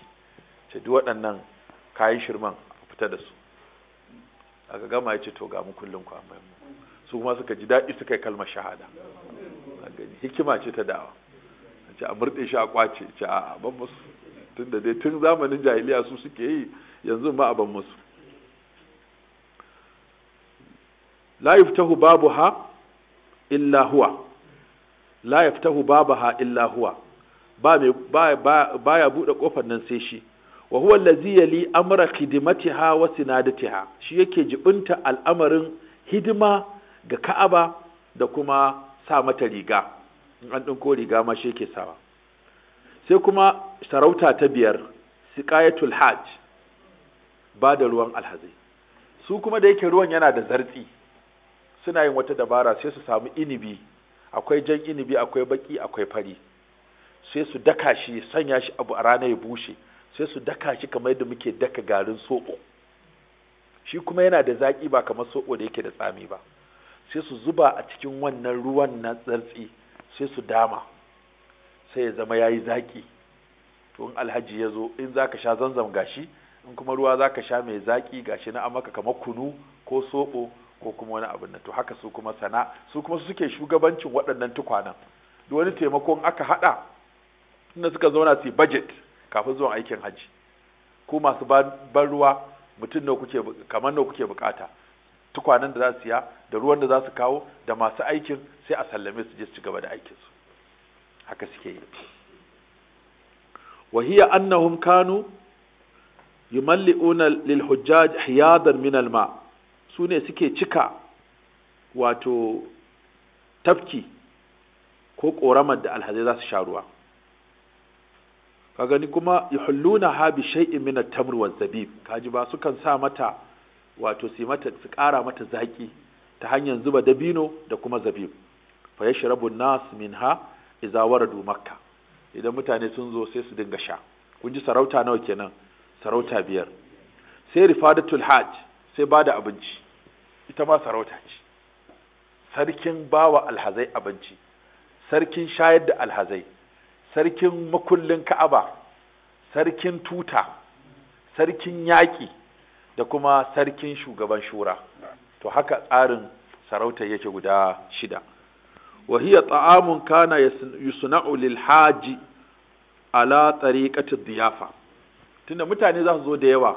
ce duk waɗannan kayan shirman a fita da su aka gama ya ce to ga mu kullum ku amma su kuma suka ji daɗi suka yi kalmar shahada hikima ce ta dawa ce a murɗe shi a kwace ce a ban musu tun da dai tun zamanin jahiliya su suke yi yanzu ma aban musu la babu ha illa huwa ta illa huwa ba mai baya buɗe ƙofar nan sai shi wa huwa amara yali amra khidmatiha wa ha shi yake jibinta al'amarin hidima ga Ka'aba da kuma sa mata riga in an dinko riga ma shi yake sawa sai kuma sarauta ta biyar siqayatul hajj ba da ruwan alhazai su kuma da yake ruwan yana da zartsi suna yin wata dabara sai su samu inibi akwai jan inibi akwai baki akwai fari sai su daka shi sanya shi abu a rana ya bushe sai su daka shi kamar yadda muke daka garin soɓo shi kuma yana da zaƙi ba kamar soɓo da yake da tsami ba sai su zuba a cikin wannan ruwan na tsartsi sai su dama sai ya zama yayi zaki to in alhaji ya zo in zaka sha zanzam gashi in kuma ruwa zaka sha mai zaki gashi na amaka kamar kunu ko soɓo ko kuma wani abin na to haka su kuma sana su kuma suke shugabancin waɗannan tukwanan da wani taimakon aka haɗa inda suka zauna su budget kafin zuwan aikin hajji ko masu ban ruwa mutum nawa kuke kamar nawa kuke bukata tukwanen da za su siya da ruwan da za su kawo da masu aikin sai a sallame su je su ci gaba da aikinsu haka suke yi wa hiya annahum kanu yumalli'una lil hujjaj hiyadan min al ma sune suke cika wato tafki ko ƙoramar da alhazai za su sha ruwa ka gani kuma yuhulluna ha bi shay'in min at-tamr wa zabib kaji ba kan sa mata wato su mata su ƙara mata zaki ta hanyar zuba dabino da kuma zabib fa yashrabu an-nas minha iza waradu makka idan mutane sun zo sai su dinga sha kun ji sarauta nawa kenan sarauta biyar sai rifadatul hajj sai bada abinci ita ma sarauta ce sarkin bawa alhazai abinci sarkin shayar da alhazai sarkin makullin ka'aba sarkin tuta sarkin yaƙi da kuma sarkin shugaban shura to haka tsarin sarauta yake guda shida wa hiya ta'amun kana yusna'u lil haji ala tariqati diyafa tunda mutane za su zo da yawa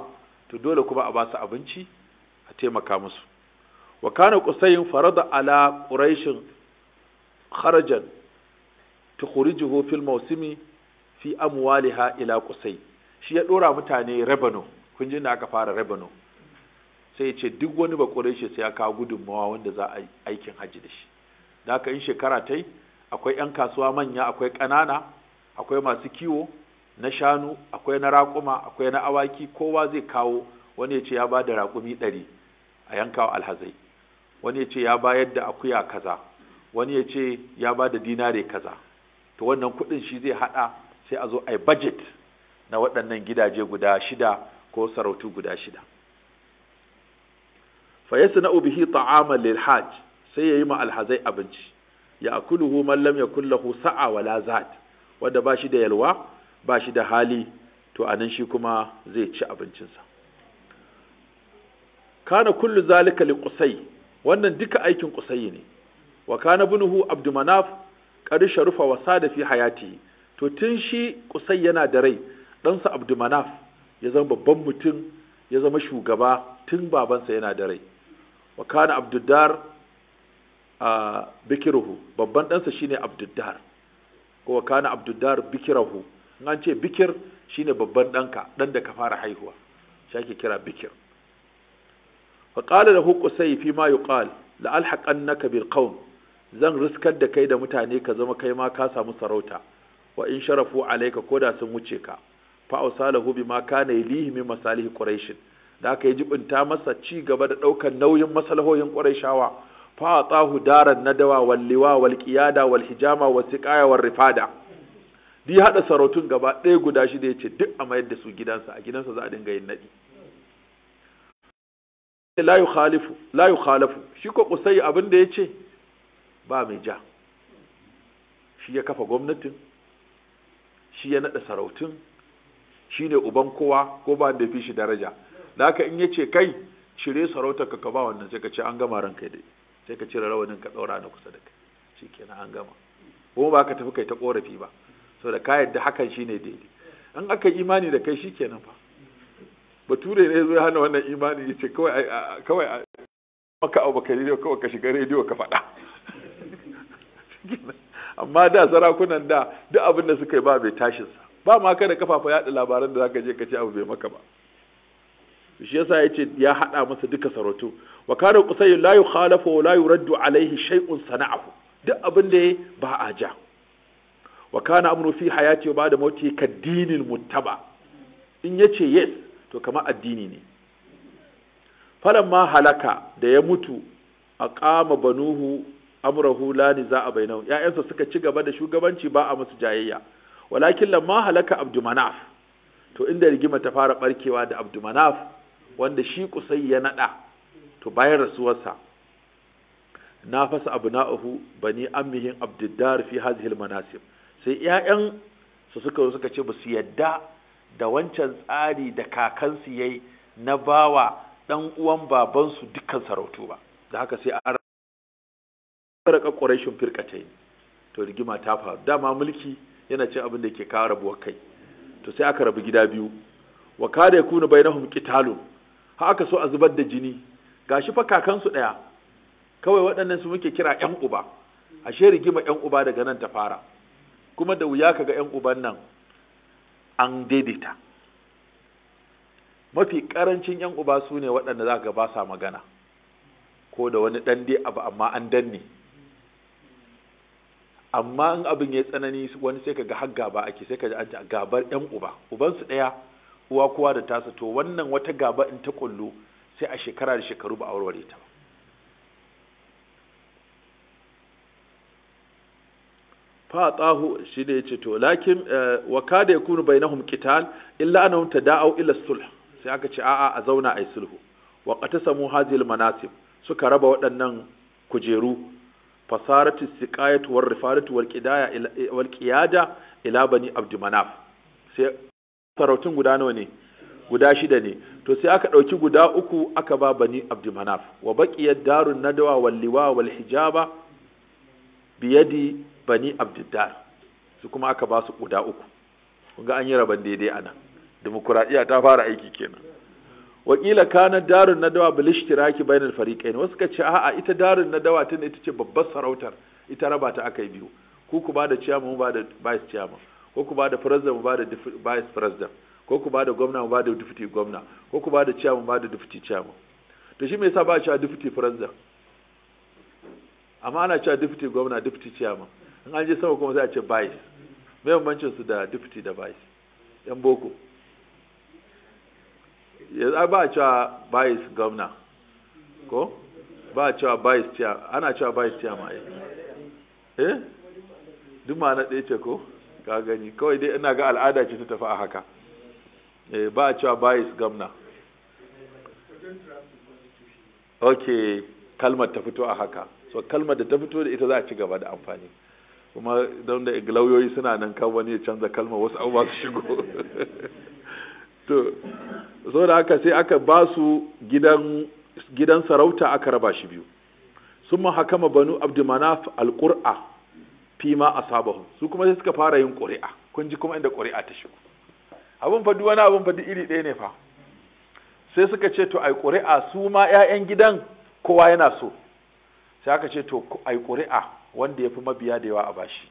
to dole kuma a ba su abinci a taimaka musu wa kana qusayn farada ala quraishin kharajan tukhrijuhu fil mawsimi fi amwaliha ila qusay shi ya ɗora mutane rabano kun ji da aka fara rabano sai ya ce duk wani ba quraishi sai ya kawo gudummawa wanda za a yi aikin hajji da shi da haka in shekara ta yi akwai 'yan kasuwa manya akwai ƙanana akwai masu kiwo na shanu akwai na raƙuma akwai na awaki kowa zai kawo wani ya ce ya ba da raƙumi ɗari a yankawa alhazai wani ya ce ya bayar da akuya kaza wani ya ce ya ba da dinare kaza to wannan kuɗin shi zai haɗa sai a zo a yi budget na waɗannan gidaje guda shida ko sarautu guda shida fa na bihi ta'aman lil hajj sai ya yi ma alhazai abinci ya akuluhu man lam yakul lahu sa'a wala zat wanda ba shi da yalwa ba shi da hali to anan shi kuma zai ci abincinsa kana kullu zalika li qusay wannan duka aikin qusay ne wa kana bunuhu abdu manaf qad sharufa wa sada fi hayati to tun shi qusay yana da rai ɗansa abdu manaf ya zama babban mutum ya zama shugaba tun babansa yana da rai wa kana abdudar a bikiruhu babban ɗansa shine abduddar ko kana abduddar bikirahu an ce bikir shine babban ɗanka ɗan da ka fara haihuwa shi kira bikir fa qala lahu qusay fi ma yuqal la alhaqannaka bil qawm zan riskar da kai da mutane ka zama kai ma ka samu sarauta wa in sharafu alayka da sun wuce ka fa ausalahu bima kana yalihi min masalih quraish da aka yi jibinta masa ci gaba da ɗaukar nauyin masalahohin quraishawa fa daran nadawa wal liwa wal qiyada wal hijama wal siqaya wal rifada di hada sarautun gaba ɗaya guda shi da yace duk a mayar da su gidansa a gidansa za a dinga yin nadi la yukhalifu la yukhalifu shi ko kusai abin da yace ba mai ja shi ya kafa gwamnatin shi ya nada sarautun shi ne uban kowa ko ba da fi shi daraja da haka in yace kai cire sarautar ka ba wannan sai ka ce an gama ranka dai sai ka cire rawanin ka ɗaura na kusa da kai shi kenan an gama kuma ba ka tafi kai ta korafi ba saboda ka yadda hakan shine daidai an aka imani da kai shi kenan fa bature ne zo hana wannan imani ya ce kawai kawai maka abu ka rediyo kawai ka shiga rediyo ka faɗa amma da sarakunan da duk abin da suka yi ba bai tashin sa ba ma da kafafa yaɗa labaran da zaka je ka ce abu bai maka ba shi yasa ya ce ya haɗa masa duka sarautu wa kana qusay la yukhalafu wa la yuraddu alayhi shay'un sana'ahu duk abin da ba a ja wa kana amru fi hayati wa ba'da mauti ka dinil muttaba in yace yes to kamar addini ne falamma halaka da ya mutu a kama banuhu amrahu la niza'a bainahum ya'yansa suka ci gaba da shugabanci ba a musu jayayya walakin lamma halaka abdumanaf to inda rigima ta fara barkewa da abdumanaf wanda shi kusai ya nada to bayan rasuwarsa na fasa abu na'uhu bani ammihin abdiddar fi hazihil manasib sai 'ya'yan su suka zo suka ce ba su yadda da wancan tsari da kakansu yayi na bawa dan uwan babansu dukkan sarautu ba da haka sai a raka ƙwarashin yi to rigima ta faru dama mulki yana cin abin da ke kawo rabuwar kai to sai aka rabu gida biyu wa kada yakunu bainahum qitalun ha aka so a zubar da jini Ga shi fa kakansu ɗaya kawai waɗannan su muke kira ‘yan uba ashe rigima ‘yan uba daga nan ta fara kuma da wuya kaga ‘yan uban nan an daidaita mafi ƙarancin ‘yan uba su ne waɗanda za ka ba sa magana ko da wani ɗan dai abu amma an danne amma in abin ya tsanani wani sai kaga har gaba ake sai kaji an gabar ‘yan uba ubansu ɗaya uwa kowa da tasa to wannan wata gaba in ta kullu sai a shekara da shekaru ba a warware ta fa tsahu shi ne ce to lakin eh, wa kada yakunu bainahum qital illa annahum tada'u ila sulh sai aka ce a'a a zauna ai sulhu wa qatasamu Hazil manasib suka raba waɗannan kujeru fasarat siqayatu war rifaratu wal qidaya eh, wal qiyada ila bani abd manaf sai sarautun guda nawa ne guda shida ne to sai aka ɗauki guda uku aka ba bani abdulmanaf wa baƙiyar darun nadawa walliwa wal hijaba biyadi bani abdiddar su kuma aka ba su guda uku ga an yi rabon daidai a nan dimokuraɗiyya ta fara aiki kenan wakila kanar darun nadawa bil ishtiraki bainal ne wasu ka ce a'a ita darun nadawa tun ita ce babbar sarautar ita raba ta aka yi biyu ku ku ba da ciyama mu ba da vice ciyama ko ku ba da president mu ba da vice president ko ku ba da gwamna mu ba da dufti gwamna ko ku ba da ciyaman ba da dufti ciyamu. to shi me yasa ba cewa dufti firanza amma ana cewa dufti gwamna dufti ciyamu. in an je sama kuma sai a ce bais. me bambancin su da dufti da bais? yan boko yanzu ba a cewa bais gwamna ko ba a cewa bais ciya, ana cewa ciya ma eh duma na ɗaya ce ko ka gani kawai dai ina ga al'ada ce ta tafi a haka Eh, ba a cewa bias gamna ok kalmar ta fito a haka so kalmar da ta fito da ita za a ci gaba da amfani kuma don da lauyoyi suna nan kan wani ya canza kalmar wasu ba su shigo to so da haka sai aka ba su gidan gidan sarauta aka raba shi biyu sun mahakama banu abdumanaf alƙur'a fi ma asabahum su kuma sai suka fara yin ƙuri'a kun ji kuma inda ƙuri'a ta shigo abin fa wani abin fa iri ɗaya ne fa sai suka ce to ai ƙuri'a su ma 'ya'yan gidan kowa yana so sai aka ce to ai ƙuri'a wanda ya fi mabiya da yawa a bashi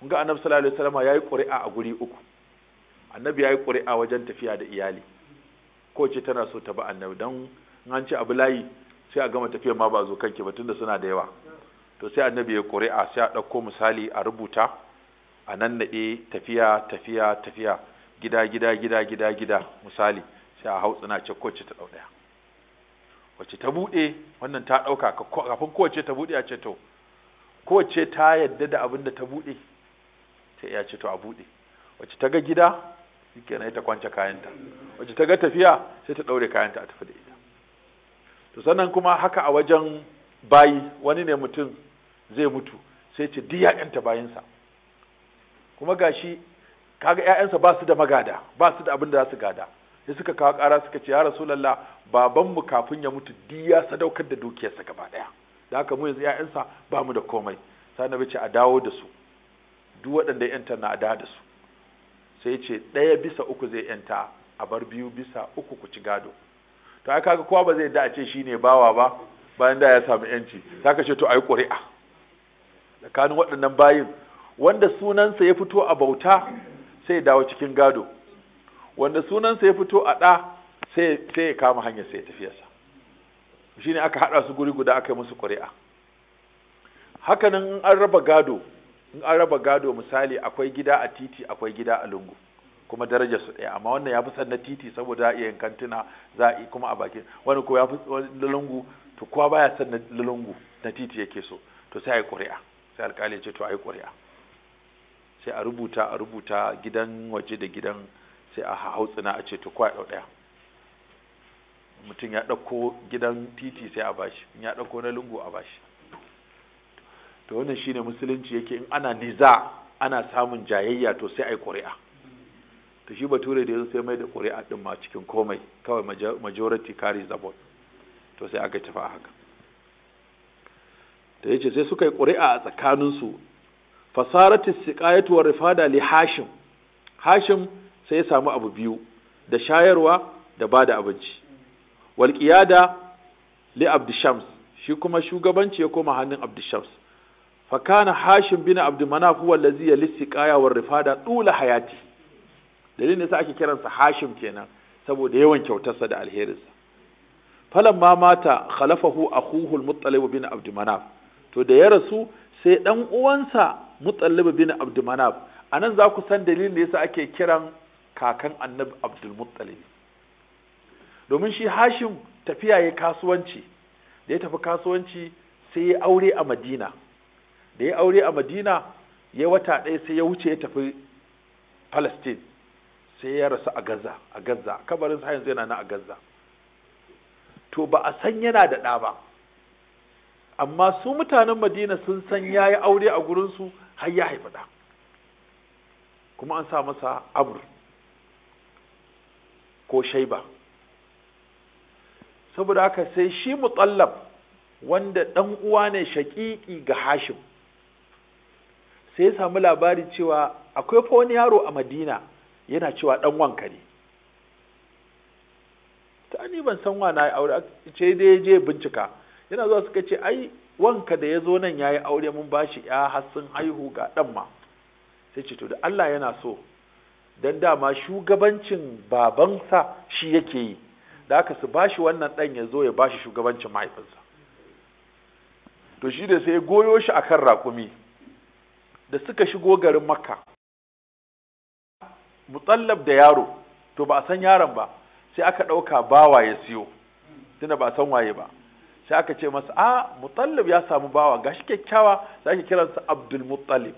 kun ga annabi sallallahu alaihi wasallam yayi ƙuri'a a guri uku annabi yayi ƙuri'a wajen tafiya da iyali ko ce tana so ta ba annabi dan in an ce abu layi sai a gama tafiyar ma ba zo kanki ba tunda suna da yawa to sai annabi ya ƙuri'a sai a ɗauko misali a rubuta a nan tafiya tafiya tafiya gida gida gida gida gida misali sai a hautsina ce kowace ta ɗau ɗaya wacce ta buɗe wannan ta ɗauka kafin kowace ta buɗe a ce to kowace ta yadda da abin da ta buɗe ta ya ce to a buɗe wacce ta ga gida shikenan ta kwance kayanta wacce ta ga tafiya sai ta ɗaure kayanta a tafi da ita to sannan kuma haka a wajen bayi wani ne mutum zai mutu sai ce duk ya bayinsa kuma gashi kaga ƴaƴansa ba su da magada ba su da abin da za su gada sai suka kawo ƙara suka ce ya baban mu kafin ya mutu duk ya sadaukar da dukiyarsa gaba ɗaya da haka mu yanzu ƴaƴansa ba mu da komai sai na ce a dawo da su duk waɗanda yanta na a dawo da su sai ce ɗaya bisa uku zai yanta a bar biyu bisa uku ku ci gado to ai kaga kowa ba zai da a ce shine bawa ba bayan da ya samu yanci ka ce to ayi ƙuri'a tsakanin waɗannan bayin wanda sunansa ya fito a bauta sai dawo cikin gado wanda sunansa ya fito a ɗa sai ya kama hanyar sai ya tafiyarsa shi ne aka haɗa su guri guda aka yi musu ƙuri'a hakanan in an raba gado in an raba gado misali akwai gida a titi akwai gida a lungu kuma darajar su ɗaya amma wannan ya fi san na titi saboda za a iya kantuna za a yi kuma a bakin wani ko ya fi lungu to kowa baya sanna na lungu na titi yake so to sai a yi ƙuri'a sai alƙali ya ce to a yi ƙuri'a sai a rubuta a rubuta gidan waje da gidan sai a hautsina a ce to kwa ɗau ɗaya mutum ya ɗauko gidan titi sai a bashi in ya ɗauko na lungu a bashi to wannan shine musulunci yake in ana niza ana samun jayayya to sai ai ƙuri'a to shi bature da yanzu sai mai da ƙuri'a ɗin ma cikin komai kawai majority carry the vote to sai aka tafi a haka da yace sai suka yi ƙuri'a a tsakaninsu fasarati siqayatu wa rifada li hashim hashim sai ya samu abu biyu da shayarwa da bada abinci wal qiyada li abdishams shi kuma shugabanci ya koma hannun abdishams Fakana hashim bin abdumanaf huwa allazi yalisiqaya wa rifada tula hayati dalilin da sa ake kiransa hashim kenan saboda yawan kyautarsa da alherinsa falan ma mata khalafahu akhuhu al-muttalib bin abd to da ya rasu sai dan uwansa mutallib bin abdulmanaf a nan za ku san dalilin da yasa ake kiran kakan annabi abdulmuttalib domin shi hashim tafiya ya kasuwanci da ya tafi kasuwanci sai ya aure a madina da ya aure a madina ya wata ɗaya sai ya wuce ya tafi palestine sai ya rasu a gaza a gaza kabarin sa yanzu yana na a gaza to ba a san yana da ɗa ba amma su mutanen madina sun san ya yi aure a gurinsu har ya haifi ɗa kuma an sa masa abur ko shaiba saboda haka sai shi mutallab wanda ɗan uwa ne shaƙiƙi ga hashim sai ya samu labari cewa akwai fa wani yaro a madina yana cewa ɗan wanka ne ta ni ban san wa na aure ce dai je bincika yana zuwa suka ce ai wanka da ya zo nan ya yi aure mun ba shi ya hassun haihu ga ɗan ma sai ce to da Allah yana so da dama shugabancin babansa shi yake yi da aka su ba shi wannan ɗan ya zo ya ba shi shugabancin mahaifinsa to shi da sai goyo shi a kan raƙumi da suka shigo garin makka mutsallab da yaro to ba a san yaron ba sai aka ɗauka bawa ya siyo tunda ba a san waye ba sai aka ce masa a ah, mutallib ya samu bawa gashi kyakkyawa sai ake kiransa abdul mutallib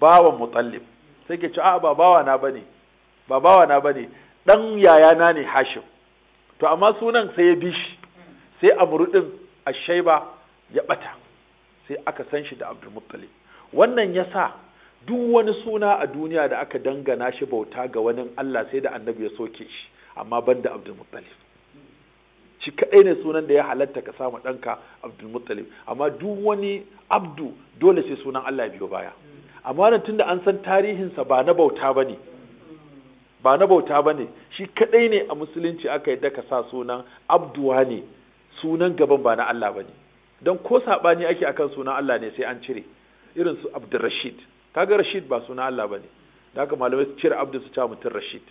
bawan mutallib sai ke ce a ah, ba bawa na bane ba bawa na bane dan yaya na ne hashim to amma sunan sai ya bi shi sai amru din ashaiba ya bata sai aka san shi da abdul mutallib wannan sa duk wani suna a duniya da aka dangana shi bauta ga wani Allah sai da annabi ya soke shi amma banda abdul mutallib shi kaɗai ne sunan da ya halatta ka samu ɗanka abdulmuttalib amma duk wani abdu dole sai sunan allah biyo baya amma nan tunda an san tarihinsa ba na bauta ba ne ba na bauta ba ne shi kaɗai ne a musulunci aka yadda ka sa sunan abduwa ne sunan gaban ba na allah ba ne don ko saɓani ake akan sunan allah ne sai an cire irin su abdurrashid kaga rashid ba sunan allah ba ne da haka malamai su cire abdu su ca mutum rashid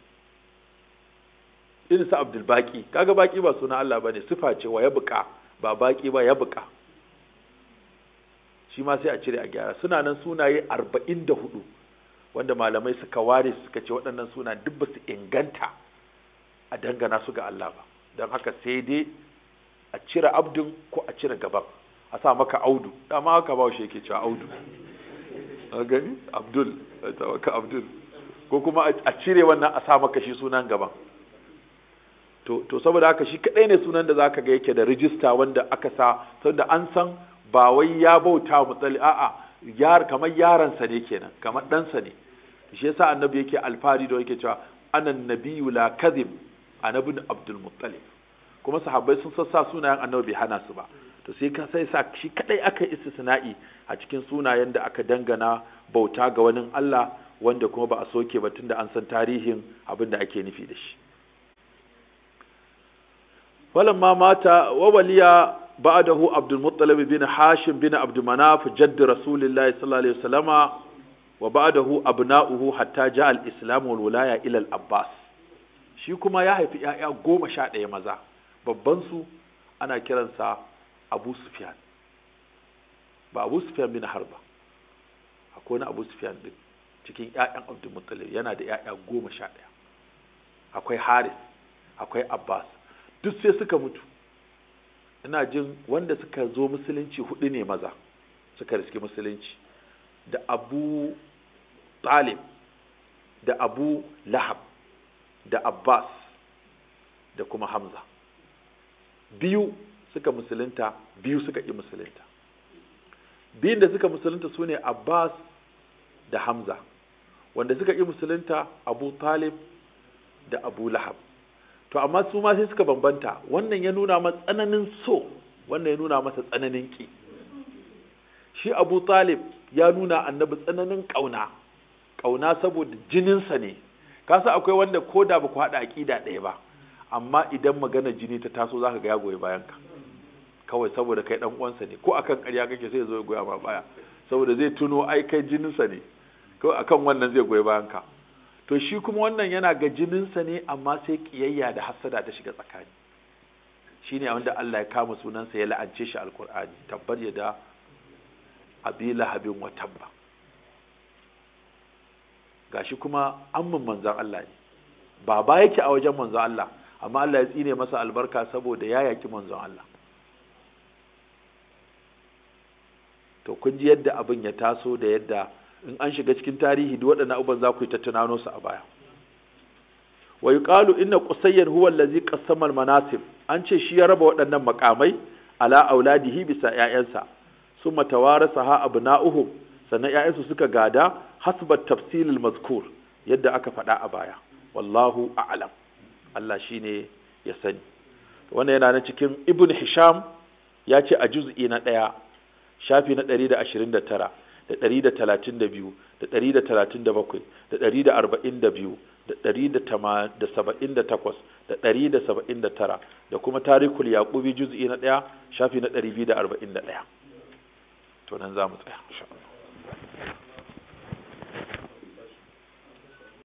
irin su abdul kaga baki ba suna Allah bane sifa ce wa ya buka ba baki ba ya buka shi ma sai a cire a gyara suna nan sunaye hudu wanda malamai suka ware suka ce waɗannan suna duk ba su inganta a dangana su ga Allah ba don haka sai dai a cire abdun ko a cire gaban a sa maka audu dama haka ba shi yake cewa audu a gani abdul ko kuma a cire wannan a sa maka shi sunan gaban to saboda haka shi kadai ne sunan da zaka ga yake da rijista wanda aka sa saboda an san ba wai ya bauta mutsali a'a yar kamar yaransa ne kenan kamar ɗansa ne shi yasa annabi yake alfari da yake cewa anan nabiyyu la kadhib annabi abdul muttalib kuma sahabbai sun sassa sunayen annabi bai hana su ba to sai ka sai sa shi kadai aka istisna'i a cikin sunayen da aka dangana bauta ga wani Allah wanda kuma ba a soke ba tunda an san tarihin abin da ake nufi da shi falamma mata wawaliya waliya ba'dahu abdul muttalib bin hashim bin abdul manaf jadd rasulillahi sallallahu alaihi wa ba'dahu abna'uhu hatta ja'a al-islam wal wilaya abbas shi kuma ya haifi ‘ya'ya goma sha ɗaya maza babban su ana kiransa abu sufyan ba abu sufyan bin harba akwai na abu sufyan din cikin ‘ya'yan abdul muttalib yana da ‘ya'ya goma sha ɗaya akwai haris akwai abbas duk sai suka mutu ina jin wanda suka zo musulunci hudu ne maza suka riski musulunci da abu talib da abu lahab da abbas da kuma hamza biyu suka musulunta biyu suka ƙi musulunta biyun da suka musulunta su ne abbas da hamza wanda suka ƙi musulunta abu talib da abu lahab to amma su ma sai suka bambanta wannan ya nuna masa tsananin so wannan ya nuna masa tsananin ki shi abu talib ya nuna annabi tsananin kauna kauna saboda jininsa ne kasa akwai wanda ko da ba ku haɗa aƙida ɗaya ba amma idan magana jini ta taso zaka ka ga ya goyi ka kawai saboda kai ɗan uwansa ne ko akan ƙarya kake sai ya zo ya goya ma baya saboda zai tuno ai kai jininsa ne kawai akan wannan zai goyi bayan ka. to shi kuma wannan yana ga jininsa ne amma sai kiyayya da hasada ta shiga tsakani Shi ne wanda Allah ya kama sunansa ya la'ance shi alkur'ani tabbar ya da abi lahabin wa tabba gashi kuma amman manzan Allah ne baba yake a wajen manzan Allah amma Allah ya tsine masa albarka saboda ya yaki manzan Allah to kun ji yadda abin ya taso da yadda in an shiga cikin tarihi da waɗanda abubuwan za ku yi ta tunano a baya wa yuqalu inna qusayyan huwa allazi qassama al an ce shi ya raba waɗannan makamai ala auladihi bisa ƴaƴansa summa tawarasaha na'uhu sannan ƴaƴansu suka gada hasbat tafsil al yadda aka faɗa a baya wallahu a'lam Allah shine ya sani wannan yana na cikin ibn hisham ya ce a juz'i na ɗaya shafi na ɗari da da ashirin tara. da ɗari da talatin da biyu da ɗari da talatin da bakwai da ɗari da arba'in da biyu da ɗari da saba'in da takwas da ɗari da saba'in da tara da kuma tarikul yaƙubi juz'i na ɗaya shafi na ɗari biyu da arba'in da ɗaya to nan za mu tsaya